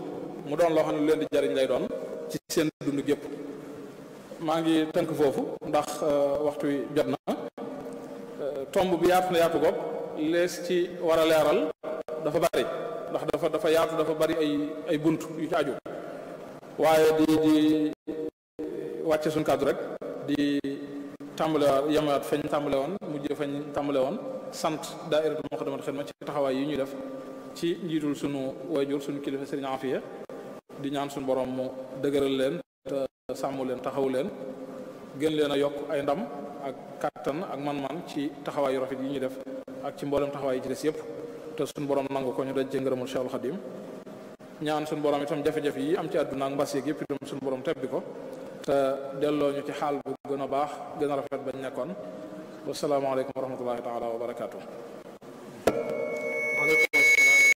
S1: mu doon loo xam ne leen di jariñ lay doon ci seen dund gépp maa ngi tënk foofu ndax euh, waxtu wi jot na euh, tomb bi yaatu na yaatu gopp lees ci war a leeral dafa bari ndax dafa dafa yaatu dafa bari ay ay bunt yu ci aju waaye di di wàcce suñ rek di tàmbalewaat yamaat fañ tàmbale woon mujj fañ tàmbale woon sant daayiratu Muqaddamatul Xidma ci taxawaay yi ñuy def ci njiitul sunu wayjur sunu kilifa sëriñ Afiya di ñaan suñu borom mu dëgëral leen te sàmm leen taxaw leen gën leen a yokk ay ndam ak kàttan ak man-man ci taxawaayu rafet yi ñuy def ak ci mboolem taxawaay yi ci des yëpp te suñu borom nangu ko ñu daj ci ngërëmul Cheikhul Xadim ñaan suñu borom itam jafe-jafe yi am ci àdduna ak mbas yeeg yëpp itam suñu borom tebbi ko te delloo ñu ci xaal bu gën a baax gën a rafet bañ nekkoon wasalaamaaleykum wa rahmatullahi taala wa barakaatu.